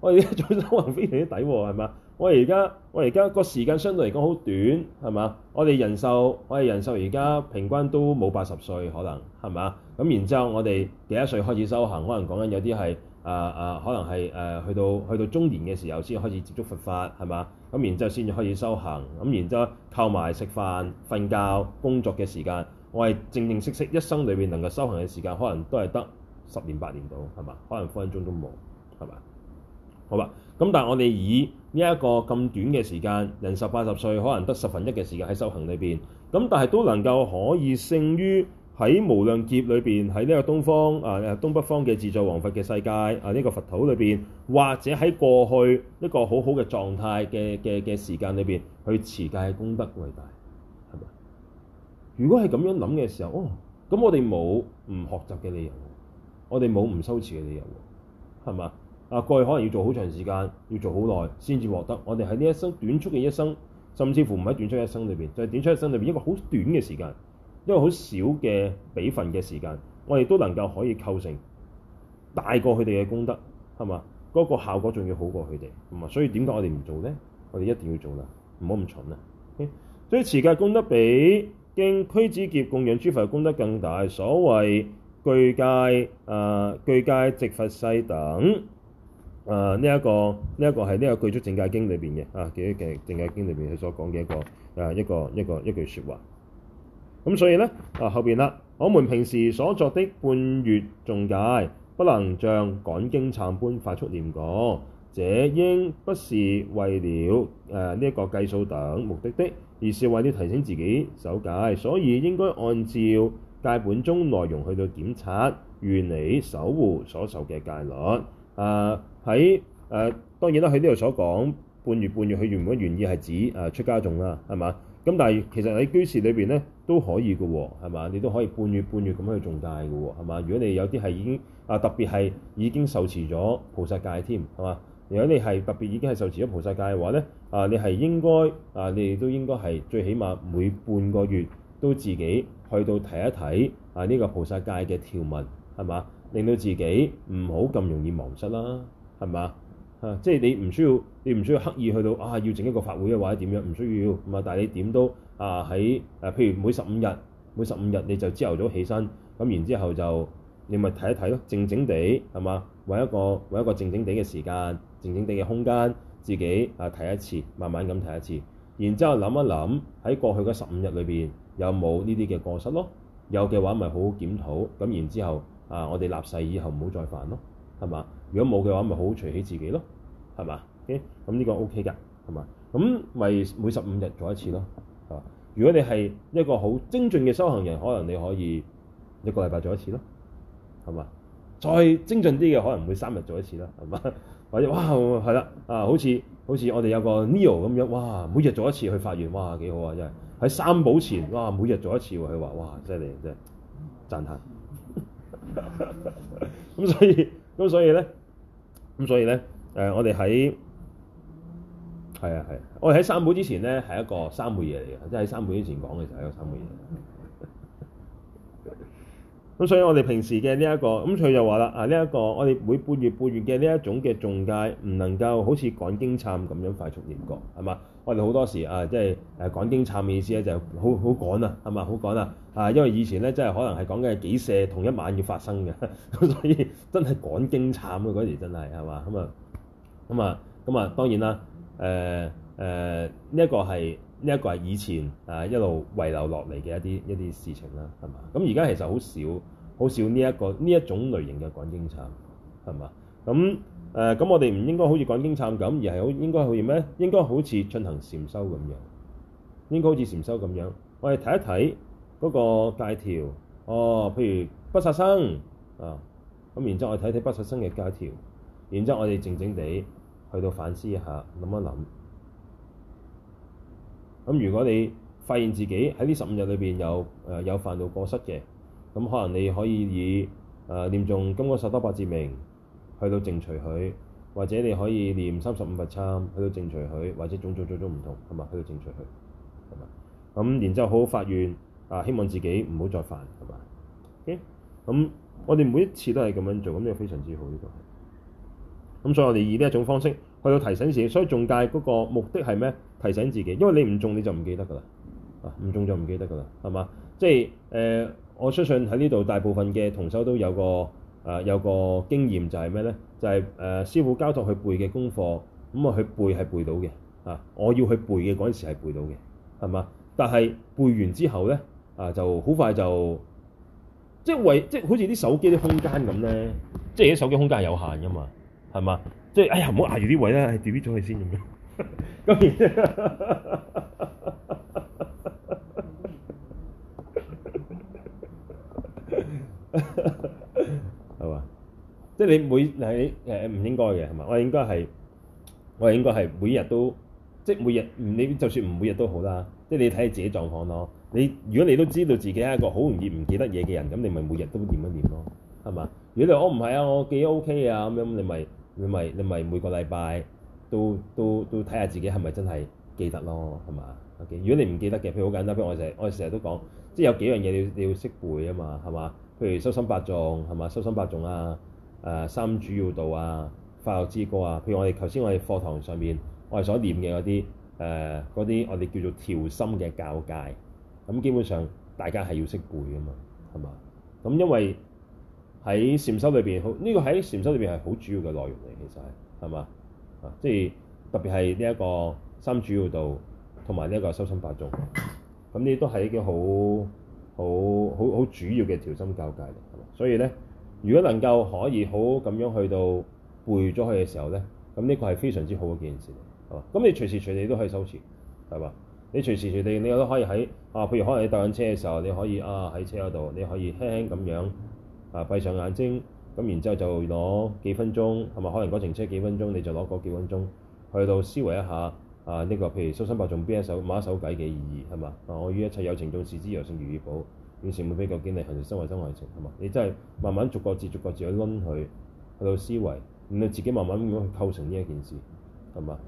我哋而家做修行非常之抵喎，係嘛？我哋而家我哋而家個時間相對嚟講好短，係嘛？我哋人壽，我哋人壽而家平均都冇八十歲，可能係嘛？咁然之後，我哋幾多歲開始修行？可能講緊有啲係。誒誒、啊啊，可能係誒、啊、去到去到中年嘅時候，先開始接觸佛法，係嘛？咁然之後先開始修行，咁然之後扣埋食飯、瞓覺、工作嘅時間，我係正正式式一生裏邊能夠修行嘅時間，可能都係得十年八年到，係嘛？可能分分鐘都冇，係嘛？好嘛？咁但係我哋以呢一個咁短嘅時間，人十八十歲可能得十分一嘅時間喺修行裏邊，咁但係都能夠可以勝於。喺無量劫裏邊，喺呢個東方啊、東北方嘅自在王佛嘅世界啊，呢個佛土裏邊，或者喺過去一個好好嘅狀態嘅嘅嘅時間裏邊，去持戒功德偉大，係咪？如果係咁樣諗嘅時候，哦，咁我哋冇唔學習嘅理由，我哋冇唔修持嘅理由，係嘛？啊，過去可能要做好長時間，要做好耐先至獲得，我哋喺呢一生短促嘅一生，甚至乎唔喺短促一生裏邊，就係短促一生裏邊一個好短嘅時間。因為好少嘅比份嘅時間，我哋都能夠可以構成大過佢哋嘅功德，係嘛？嗰、那個效果仲要好過佢哋，咁啊！所以點解我哋唔做咧？我哋一定要做啦，唔好咁蠢啦。Okay? 所以持戒功德比經區子劫供養諸佛功德更大。所謂具戒啊，具戒值佛世等、呃這個這個這個、啊，呢一個呢一個係呢個具足正戒經裏邊嘅啊，幾嘅正戒經裏邊佢所講嘅一個啊，一個一個，一，個，一，個一句說話。咁所以呢，啊後邊啦，我們平時所作的半月誦戒，不能像趕經懺般快速念過，這應不是為了誒呢一個計數等目的的，而是為了提醒自己守戒，所以應該按照戒本中內容去到檢查，原你守護所受嘅戒律。誒喺誒當然啦，喺呢度所講半月半月，佢原本原意係指誒、呃、出家眾啦，係嘛？咁但係其實喺居士裏邊咧都可以嘅喎，係嘛？你都可以半月半月咁去誦戒嘅喎，係嘛？如果你有啲係已經啊特別係已經受持咗菩薩戒添，係嘛？如果你係特別已經係受持咗菩薩戒嘅話咧，啊你係應該啊你哋都應該係最起碼每半個月都自己去到睇一睇啊呢個菩薩戒嘅條文，係嘛？令到自己唔好咁容易忘失啦，係嘛？啊！即係你唔需要，你唔需要刻意去到啊，要整一個法會啊，或者點樣，唔需要。咁啊，但係你點都啊，喺誒，譬如每十五日，每十五日你就朝頭早起身，咁然之後就你咪睇一睇咯，靜靜地係嘛，揾一個揾一個靜靜地嘅時間，靜靜地嘅空間，自己啊睇一次，慢慢咁睇一次，然之後諗一諗喺過去嗰十五日裏邊有冇呢啲嘅過失咯？有嘅話，咪好好檢討。咁然之後啊，我哋立誓以後唔好再犯咯。係嘛？如果冇嘅話，咪好好除起自己咯，係嘛？OK，咁呢個 OK 㗎，係嘛？咁咪每十五日做一次咯，係嘛？如果你係一個好精進嘅修行人，可能你可以一個禮拜做一次咯，係嘛？再精進啲嘅，可能每三日做一次啦，係嘛？或者哇，係啦，啊，好似好似我哋有個 Neo 咁樣，哇，每日做一次去發願，哇，幾好啊！真係喺三寶前，哇，每日做一次喎，啊，佢話哇，犀利真係，讚歎。咁所以。咁所以呢，所以咧、呃，我哋喺、啊啊、我哋喺三寶之前咧係一個三寶嘢嚟嘅，即、就、係、是、三寶之前講嘅就係一個三寶嘢。咁所以我哋平時嘅呢一個，咁佢就話啦，啊，呢一個我哋每半月半月嘅呢一種嘅眾戒唔能夠好似趕經懺咁樣快速滅覺，係嘛？我哋好多時啊，即係誒，趕經懺嘅意思咧，就好好趕啊，係嘛？好趕啊，啊，因為以前咧，真係可能係講緊係幾射同一晚要發生嘅， 所以真係趕經懺啊，嗰時真係，係嘛？咁啊，咁啊，咁啊，當然啦，誒、誒呢一個係。呢一個係以前誒一路遺留落嚟嘅一啲一啲事情啦，係嘛？咁而家其實好少，好少呢、這、一個呢一種類型嘅講經懺，係嘛？咁誒咁我哋唔應該好似講經懺咁，而係好應該好似咩？應該好似進行禪修咁樣，應該好似禪修咁樣。我哋睇一睇嗰個戒條，哦，譬如不殺生啊，咁、哦、然之後我哋睇睇不殺生嘅戒條，然之後我哋靜靜地去到反思一下，諗一諗。咁如果你發現自己喺呢十五日裏邊有誒、呃、有犯道過失嘅，咁、嗯、可能你可以以誒、呃、念誦金剛薩埵百字明去到淨除佢，或者你可以念三十五佛懺去到淨除佢，或者種種種種唔同，係嘛？去到淨除佢，係嘛？咁然之後好好發願，啊、呃、希望自己唔好再犯，係嘛？咁、okay? 嗯、我哋每一次都係咁樣做，咁、嗯、就、這個、非常之好呢、這個。咁、嗯、所以我哋以呢一種方式。去到提醒自己，所以仲界嗰個目的係咩？提醒自己，因為你唔中你就唔記得噶啦，啊，唔中就唔記得噶啦，係嘛？即係誒，我相信喺呢度大部分嘅同修都有個誒、呃，有個經驗就係咩咧？就係、是、誒、呃、師傅交代去背嘅功課，咁、嗯、啊去背係背到嘅，啊，我要去背嘅嗰陣時係背到嘅，係嘛？但係背完之後咧，啊就好快就即係為即係好似啲手機啲空間咁咧，即係而家手機空間係有限噶嘛。係嘛、哎呦？即係哎呀，唔好挨住啲位啦，係 delete 咗佢先咁樣。咁然之係嘛？即係你每嗱啲誒唔應該嘅係嘛？我哋應該係，我哋應該係每日都，即係每日你就算唔每日都好啦。即係你睇下自己狀況咯。你如果你都知道自己係一個好容易唔記得嘢嘅人，咁你咪每日都唸一唸咯，係嘛？如果你我唔係啊，我幾 OK 啊咁樣，你咪～你咪你咪每個禮拜都都都睇下自己係咪真係記得咯，係嘛？OK，如果你唔記得嘅，譬如好簡單，譬如我成我成日都講，即係有幾樣嘢你,你要你要識背啊嘛，係嘛？譬如修心八頌係嘛？修心八頌啊，誒、啊、三主要道啊，法樂之歌啊，譬如我哋頭先我哋課堂上面我哋所念嘅嗰啲誒嗰啲我哋叫做調心嘅教戒。咁基本上大家係要識背啊嘛，係嘛？咁因為喺禪修裏邊，好、這、呢個喺禪修裏邊係好主要嘅內容嚟，其實係係嘛啊，即係特別係呢一個三主要道，同埋呢一個修心八頌，咁呢都係一啲好好好好主要嘅調心教誡嚟。所以咧，如果能夠可以好咁樣去到背咗佢嘅時候咧，咁呢個係非常之好嘅件事。係嘛，咁你隨時隨地都可以修持，係嘛，你隨時隨地你都可以喺啊，譬如可能你搭緊車嘅時候，你可以啊喺車嗰度，你可以輕輕咁樣。啊！閉上眼睛，咁然之後就攞幾分鐘，係咪？可能嗰程車幾分鐘，你就攞嗰幾分鐘去到思維一下。啊！呢、這個譬如《修心八頌》邊一首？買一首偈嘅意義係嘛？嗱、啊，我於一切有情眾，視之有性如意寶，於是每悲夠堅定，行善為真為，為情，係嘛？你真係慢慢逐個字逐個字去攆佢，去到思維，令到自己慢慢咁樣去構成呢一件事，係嘛？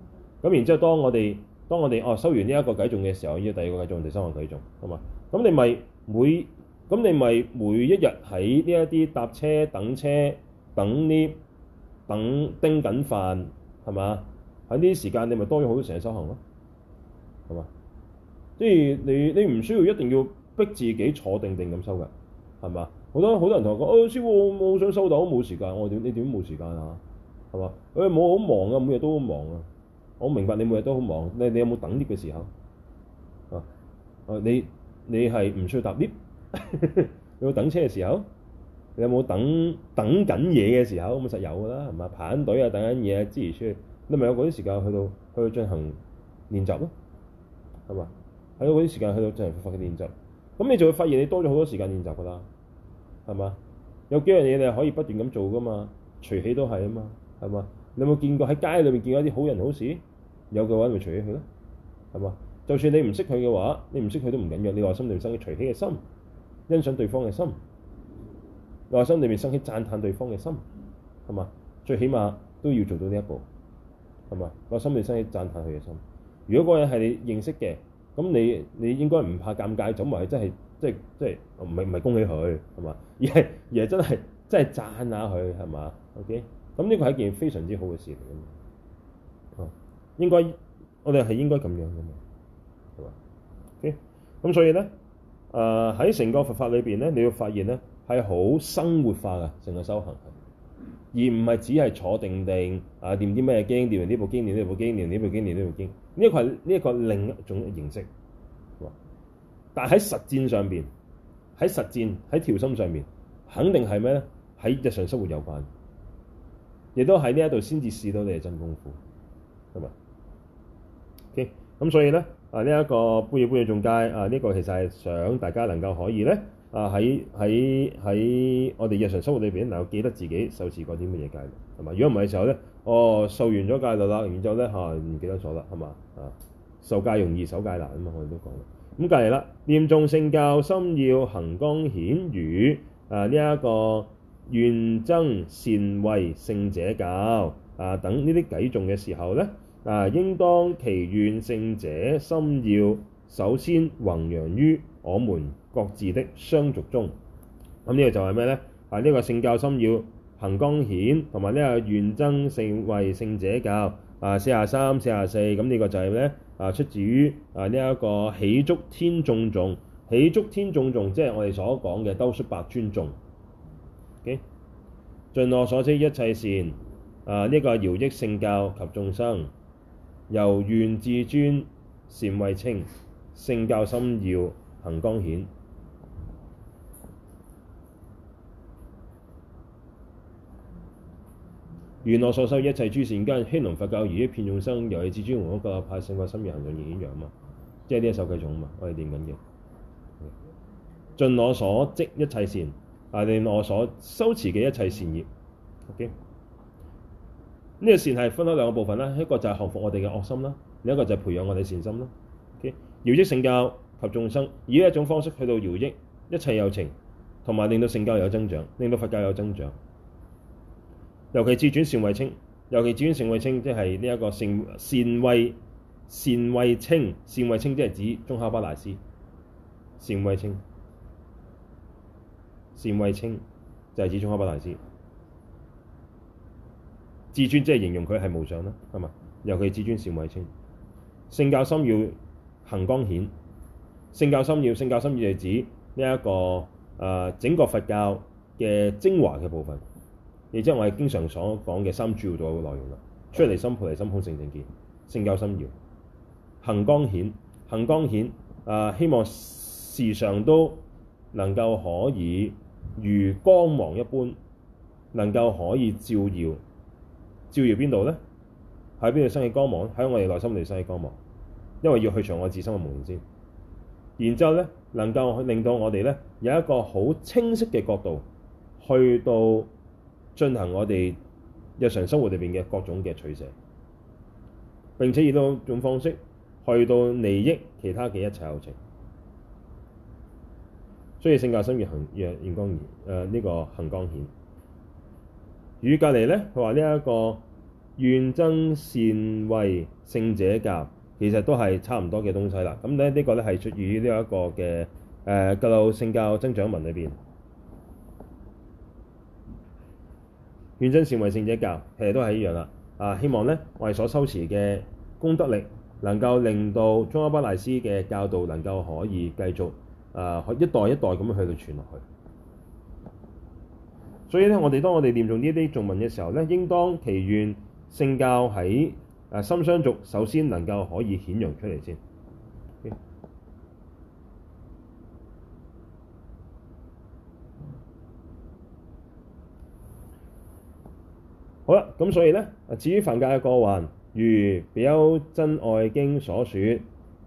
咁然之後當，當我哋當我哋哦收完呢一個偈頌嘅時候，呢、這個第二個偈頌，第三個偈頌，係嘛？咁你咪每咁你咪每一日喺呢一啲搭車、等車、等 lift、等叮緊飯，係嘛？喺呢啲時間你咪多咗好多成日修行咯，係嘛？即係你你唔需要一定要逼自己坐定定咁修嘅，係嘛？好多好多人同我講：哦、哎，師傅，我好想修，但係我冇時間。我點你點冇時間、哎、啊？係嘛？誒，我好忙㗎，每日都好忙㗎。我明白你每日都好忙，你你有冇等 lift 嘅時候？啊啊，你你係唔需要搭 lift 你有冇等車嘅時候？你有冇等等緊嘢嘅時候？咁實有㗎啦，係嘛？排緊隊啊，等緊嘢啊，支持書。你咪有嗰啲時間去到去到進行練習咯，係嘛？喺嗰啲時間去到進行復法嘅練習，咁你就會發現你多咗好多時間練習㗎啦，係嘛？有幾樣嘢你可以不斷咁做㗎嘛？隨喜都係啊嘛，係嘛？你有冇見過喺街裏面見到啲好人好事？有嘅話，咪隨喜佢咯，係嘛？就算你唔識佢嘅話，你唔識佢都唔緊要，你話心裏生嘅隨喜嘅心。欣賞對方嘅心，內心裏面升起讚歎對方嘅心，係嘛？最起碼都要做到呢一步，係嘛？我心裏升起讚歎佢嘅心。如果嗰個人係你認識嘅，咁你你應該唔怕尷尬走埋去，總唔係真係即係即係唔係唔係恭喜佢，係嘛？而係而係真係真係讚下佢，係嘛？OK，咁呢個係一件非常之好嘅事嚟嘅嘛。應該我哋係應該咁樣嘅嘛，係嘛？OK，咁所以咧。誒喺成個佛法裏邊咧，你要發現咧係好生活化嘅成個修行，而唔係只係坐定定啊念啲咩經？念呢部經，念呢部經，念呢部經，念呢部經，呢一個係呢一個另一種形式。但喺實戰上邊，喺實戰喺調心上面，肯定係咩咧？喺日常生活有關，亦都喺呢一度先至試到你係真功夫，係嘛？O K。Okay. 咁所以咧，啊呢一、這個杯嘢杯嘢誦戒，啊呢、這個其實係想大家能夠可以咧，啊喺喺喺我哋日常生活裏邊能夠記得自己受持過啲乜嘢戒，係嘛？如果唔係嘅時候咧，哦受完咗戒就啦，然之後咧嚇唔記得咗啦，係嘛？啊，啊受戒容易守戒難啊嘛，我哋都講咁隔籬啦，念誦聖教心要行光顯於啊呢一個願增善慧聖者教啊等呢啲偈頌嘅時候咧。嗱、啊，應當其願聖者心要首先弘揚於我們各自的相續中。咁、啊、呢、這個就係咩呢？啊，呢、這個聖教心要行光顯，同埋呢個願增聖慧聖者教。啊，四十三、四十四，咁呢個就係呢啊，出自於啊呢一、這個起足天眾重。起足天眾重，即係我哋所講嘅兜率百尊重。嘅，盡我所知一切善啊，呢、這個饒益聖教及眾生。由願至尊，善慧清，聖教心要、行光顯。願 我所修一切諸善根，興隆佛教而一片眾生，由係至尊同嗰個派性法身入行上顯揚啊嘛，即係呢首契重啊嘛，我哋念緊嘅。盡我所積一切善，大念我所修持嘅一切善業，ok。呢個善係分開兩個部分啦，一個就係降服我哋嘅惡心啦，另一個就係培養我哋善心啦。Okay，饒益聖教及眾生，以呢一種方式去到饒益一切有情，同埋令到聖教有增長，令到佛教有增長。尤其自轉善慧清，尤其自轉善慧清，即係呢一個善善慧善慧清，善慧清即係指宗喀巴大師。善慧清，善慧清就係指宗喀巴大師。至尊即係形容佢係無上啦，係嘛？尤其至尊善慧稱，聖教心要恆光顯。聖教心要聖教心就，就係指呢一個誒、呃、整個佛教嘅精華嘅部分，亦即係我哋經常所講嘅三主要道嘅內容啦。嗯、出離心、菩提心、空性正見，聖教心要恆光顯，恆光顯誒、呃，希望時常都能夠可以如光芒一般，能夠可以照耀。照耀邊度咧？喺邊度生起光芒？喺我哋內心裏生起光芒，因為要去除我自身嘅無明先，然之後咧能夠令到我哋咧有一個好清晰嘅角度去到進行我哋日常生活裏邊嘅各種嘅取捨，並且以多種方式去到利益其他嘅一切有情，所以聖教深如恆陽陽光而，誒、呃、呢、這個恆光顯。與隔離咧，佢話呢一個願真善慧聖者教，其實都係差唔多嘅東西啦。咁咧呢個咧係出於呢一個嘅誒格魯聖教增長文裏邊，願真善慧聖者教其實都係一樣啦。啊、呃，希望咧我哋所修持嘅功德力，能夠令到宗喀巴大師嘅教導能夠可以繼續誒、呃、一代一代咁樣去到傳落去。所以咧，我哋當我哋念誦呢一啲經文嘅時候呢，應當祈願聖教喺、啊、心相續，首先能夠可以顯揚出嚟先。OK 好。好啦，咁所以呢，至於凡界嘅過患，如《表真愛經》所説，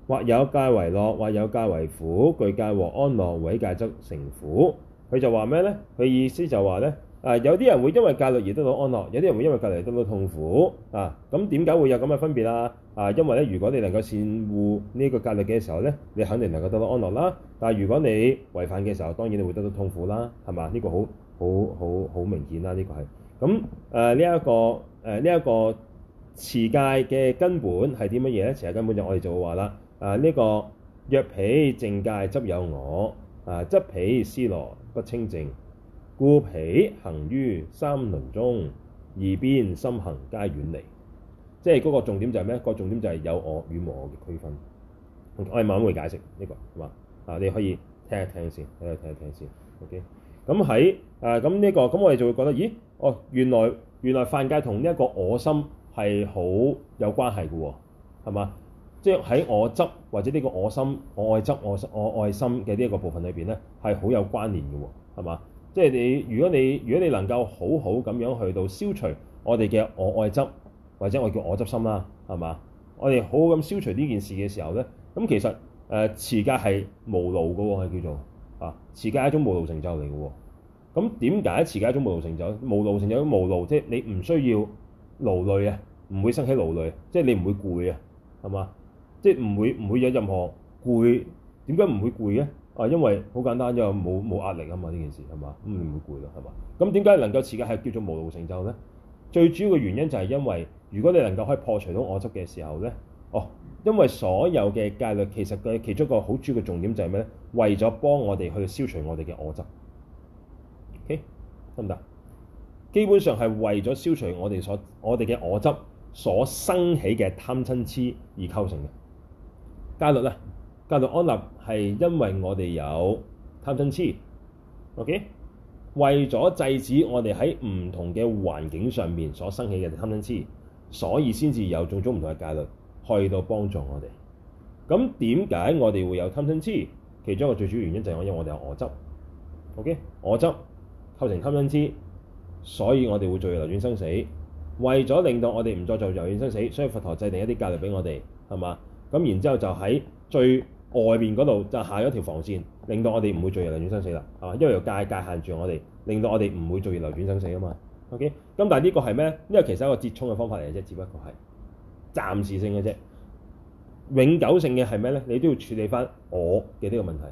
或有戒為樂，或有戒為苦，具戒獲安樂，毀戒則成苦。佢就話咩咧？佢意思就話咧，啊，有啲人會因為戒律而得到安樂，有啲人會因為戒律得到痛苦啊。咁點解會有咁嘅分別啊？啊，為呢啊因為咧，如果你能夠善護呢個戒律嘅時候咧，你肯定能夠得到安樂啦。但係、啊、如果你違反嘅時候，當然你會得到痛苦啦，係嘛？呢、呢個好好好好明顯啦、啊，呢、啊啊呢個係咁誒呢一個誒呢一個持戒嘅根本係啲乜嘢咧？其實根本我就我哋就會話啦，啊呢、呢個若彼正戒執有我啊執彼思羅。不清淨，故脾行於三輪中，二邊心行皆遠離。即係嗰個重點就係咩咧？個重點就係有我與無我嘅區分。我哋慢慢會解釋呢個係嘛啊？你可以聽一聽先，睇睇聽一聽先。OK，咁喺誒咁呢個咁我哋就會覺得咦哦，原來原來犯戒同呢一個我心係好有關係嘅喎，係嘛？即係喺我執或者呢個我心我愛執我我愛心嘅呢一個部分裏邊咧，係好有關聯嘅喎，係嘛？即係你如果你如果你能夠好好咁樣去到消除我哋嘅我愛執或者我叫我執心啦，係嘛？我哋好好咁消除呢件事嘅時候咧，咁其實誒持戒係無勞嘅喎，係叫做啊持戒係一種無勞成就嚟嘅喎。咁點解持戒一種無勞成就？無勞成就就係無勞，即係你唔需要勞累呀，唔會生起勞累，即係你唔會攰呀，係嘛？即係唔會唔會有任何攰？點解唔會攰咧？啊，因為好簡單，因為冇冇壓力啊嘛！呢件事係嘛？咁你唔會攰囉，係嘛？咁點解能夠設家係叫做無路成就咧？最主要嘅原因就係因為，如果你能夠可以破除到我執嘅時候咧，哦，因為所有嘅戒律其實嘅其中一個好主要嘅重點就係咩咧？為咗幫我哋去消除我哋嘅我執，Okay？得唔得？基本上係為咗消除我哋所我哋嘅我執所生起嘅貪嗔痴而構成嘅。戒律啦、啊，戒律安立係因為我哋有貪嗔痴，OK？為咗制止我哋喺唔同嘅環境上面所生起嘅貪嗔痴，所以先至有種種唔同嘅戒律去到幫助我哋。咁點解我哋會有貪嗔痴？其中一個最主要原因就係因為我哋有我執，OK？我執構成貪嗔痴，所以我哋會做遊轉生死。為咗令到我哋唔再做遊轉生死，所以佛陀制定一啲戒律俾我哋，係嘛？咁然之後就喺最外面嗰度就下咗條防線，令到我哋唔會做熱流轉生死啦，係嘛？因為界界限住我哋，令到我哋唔會做熱流轉生死啊嘛。OK，咁但係呢個係咩咧？因為其實係一個折衷嘅方法嚟嘅啫，只不過係暫時性嘅啫。永久性嘅係咩咧？你都要處理翻我嘅呢個問題，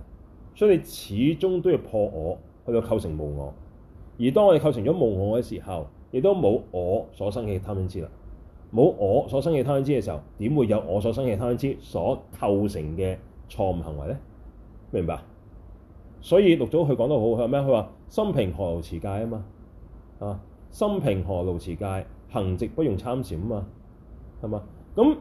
所以你始終都要破我去到構成無我。而當我哋構成咗無我嘅時候，亦都冇我所生嘅貪瞋痴啦。冇我所生嘅貪痴嘅時候，點會有我所生嘅貪痴所構成嘅錯誤行為咧？明唔明白？所以六祖佢講得好，佢話咩？佢話心平何勞持戒啊嘛，啊心平何勞持戒，行直不用參禪啊嘛，係嘛？咁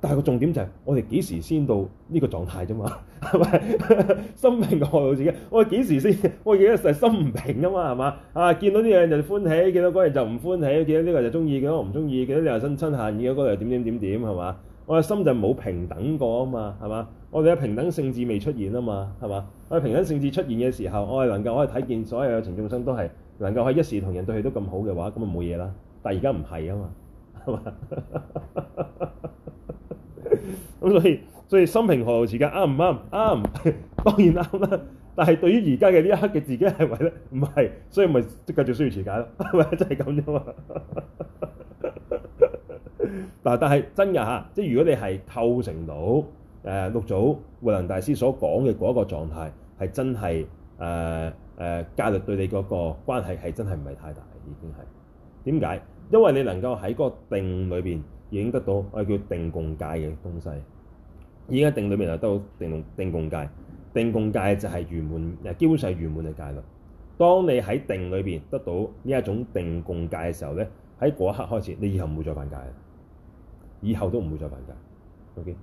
但係個重點就係、是、我哋幾時先到呢個狀態啫嘛。係咪 心平過自己？我幾時先？我幾日成心唔平啊嘛？係嘛？啊！見到啲嘢就歡喜，見到嗰樣就唔歡喜，見到呢個就中意，見到我唔中意，見到你又親親下，見到嗰個又點點點點，係嘛？我嘅心就冇平等過啊嘛？係嘛？我哋嘅平等性智未出現啊嘛？係嘛？我哋平等性智出現嘅時候，我哋能夠可以睇見所有有情眾生都係能夠係一視同仁對佢都咁好嘅話，咁就冇嘢啦。但係而家唔係啊嘛，係嘛？咁 所以。所以心平何時間啱唔啱？啱，當然啱啦。但係對於而家嘅呢一刻嘅自己係咪咧？唔係，所以咪繼續需要時間咯，係咪？真係咁啫嘛。 但係真嘅嚇，即係如果你係構成到誒、呃、六祖慧能大師所講嘅嗰一個狀態，係真係誒誒戒律對你嗰個關係係真係唔係太大，已經係點解？因為你能夠喺嗰個定裏邊已經得到我哋叫定共戒嘅東西。依家定裏邊得到定共定共戒，定共戒就係圓滿，誒，基本上圓滿嘅戒咯。當你喺定裏邊得到呢一種定共戒嘅時候咧，喺嗰一刻開始，你以後唔會再犯戒，以後都唔會再犯戒。O.K.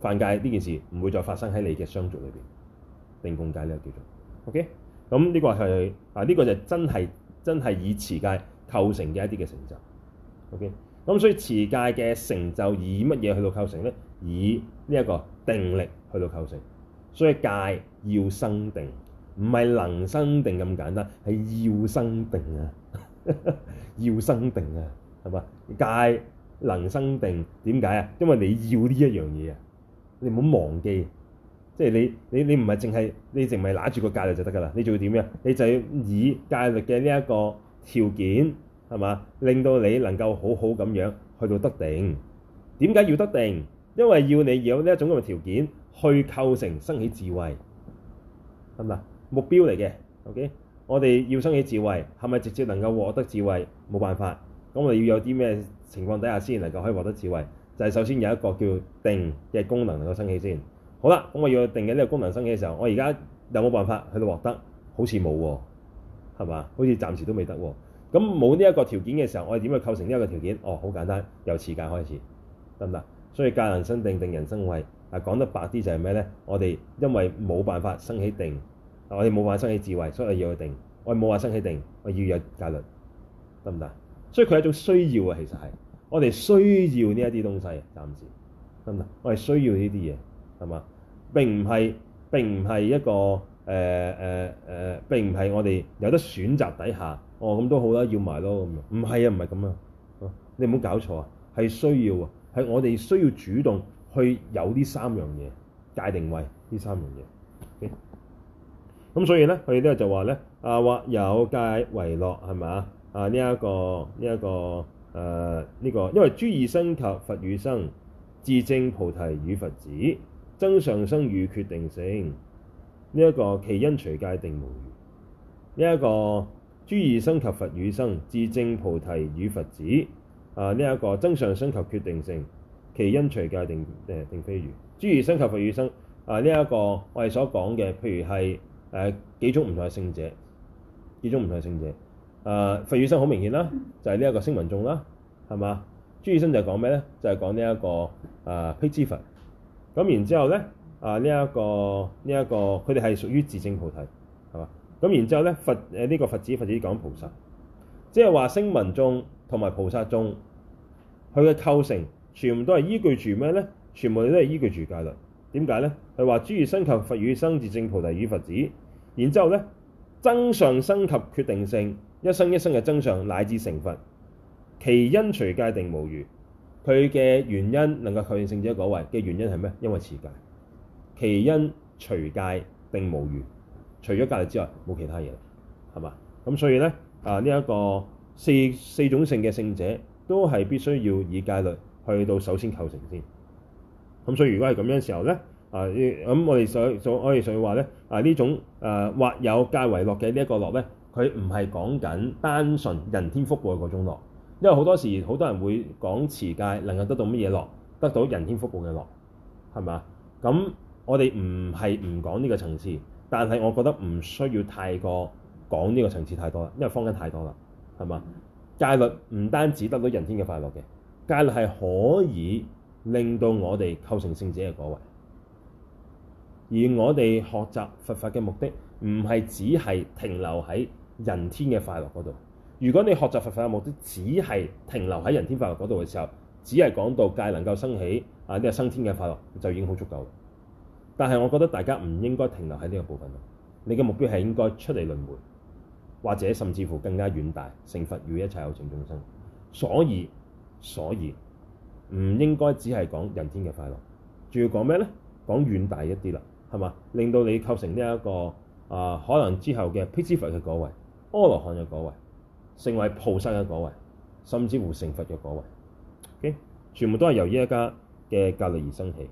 犯戒呢件事唔會再發生喺你嘅相續裏邊。定共戒呢個叫做 O.K. 咁呢個係啊，呢個就真係真係以持戒構成嘅一啲嘅成就。O.K. 咁所以持戒嘅成就以乜嘢去到構成咧？以呢一個定力去到構成，所以戒要生定，唔係能生定咁簡單，係要生定啊！ 要生定啊，係嘛？戒能生定，點解啊？因為你要呢一樣嘢啊！你唔好忘記，即係你你你唔係淨係你淨係揦住個戒律就得㗎啦，你仲要點樣？你就要以戒律嘅呢一個條件係嘛，令到你能夠好好咁樣去到得定。點解要得定？因為要你有呢一種咁嘅條件去構成生起智慧，係咪啊？目標嚟嘅，OK。我哋要生起智慧，係咪直接能夠獲得智慧？冇辦法。咁我哋要有啲咩情況底下先能夠可以獲得智慧？就係首先有一個叫定嘅功能能夠生起先。好啦，咁我要定嘅呢個功能生起嘅時候，我而家有冇辦法去到獲得？好似冇喎，係嘛？好似暫時都未得喎。咁冇呢一個條件嘅時候，我哋點去構成呢一個條件？哦，好簡單，由時間開始，得唔得？所以戒律身定定，定人生慧。啊，講得白啲就係咩咧？我哋因為冇辦法生起定，啊，我哋冇辦法生起智慧，所以我要去定。我冇辦法生起定，我要有戒律，得唔得？所以佢係一種需要啊，其實係我哋需要呢一啲東西，暫時得唔得？我哋需要呢啲嘢係嘛？並唔係並唔係一個誒誒誒，並唔係我哋有得選擇底下，哦咁都好啦，要埋咯咁、啊、樣。唔係啊，唔係咁啊，你唔好搞錯啊，係需要啊。係我哋需要主動去有呢三樣嘢，界定位呢三樣嘢。咁、okay? 所以咧，佢呢就話咧啊，話有界為樂係咪啊？這個這個、啊呢一個呢一個誒呢個，因為諸異生及佛與生自正菩提與佛子增上生與決定性呢一、這個其因隨界定無餘呢一個諸異生及佛與生自正菩提與佛子。啊！呢、這、一個真相生求決定性，其因隨界定，誒、呃、定非如。諸如生及佛語生。啊！呢、這、一個、這個這個、我哋所講嘅，譬如係誒幾種唔同嘅聖者，幾種唔同嘅聖者。啊！佛語生好明顯啦，就係呢一個聲聞眾啦，係嘛？諸如生就係講咩咧？就係講呢一個啊辟支佛。咁、啊、然之後咧，啊呢一個呢一個，佢哋係屬於自證菩提，係嘛？咁然之後咧，佛誒呢、這個佛子佛子講菩薩，即係話聲聞眾。同埋菩薩眾，佢嘅構成全部都係依據住咩咧？全部都係依據住戒律。點解咧？佢話諸餘生及佛與生字、正菩提與佛子，然之後咧，增上生及決定勝，一生一生嘅增上乃至成佛，其因隨戒定無餘。佢嘅原因能夠確定聖者果位嘅原因係咩？因為持戒。其因隨戒定無餘，除咗戒律之外冇其他嘢，係嘛？咁所以咧，啊呢一、這個。四四種性嘅聖者都係必須要以戒律去到首先構成先。咁所以如果係咁樣時候咧、呃呃，啊，咁我哋所所我哋所話咧，啊呢種誒或有戒為樂嘅呢一個樂咧，佢唔係講緊單純人天福報嘅嗰種樂，因為好多時好多人會講持戒能夠得到乜嘢樂，得到人天福報嘅樂，係咪？咁我哋唔係唔講呢個層次，但係我覺得唔需要太過講呢個層次太多啦，因為方根太多啦。係嘛？戒律唔單止得到人天嘅快樂嘅，戒律係可以令到我哋構成聖者嘅果位。而我哋學習佛法嘅目的，唔係只係停留喺人天嘅快樂嗰度。如果你學習佛法嘅目的，只係停留喺人天快樂嗰度嘅時候，只係講到戒能夠生起啊呢個生天嘅快樂，就已經好足夠。但係我覺得大家唔應該停留喺呢個部分。你嘅目標係應該出離輪迴。或者甚至乎更加遠大，成佛與一切有情眾生。所以所以唔應該只係講人天嘅快樂，仲要講咩咧？講遠大一啲啦，係嘛？令到你構成呢、這、一個啊、呃，可能之後嘅辟支佛嘅果位、阿羅漢嘅果位、聖位菩薩嘅果位，甚至乎成佛嘅果位，OK，全部都係由依一家嘅隔離而生起。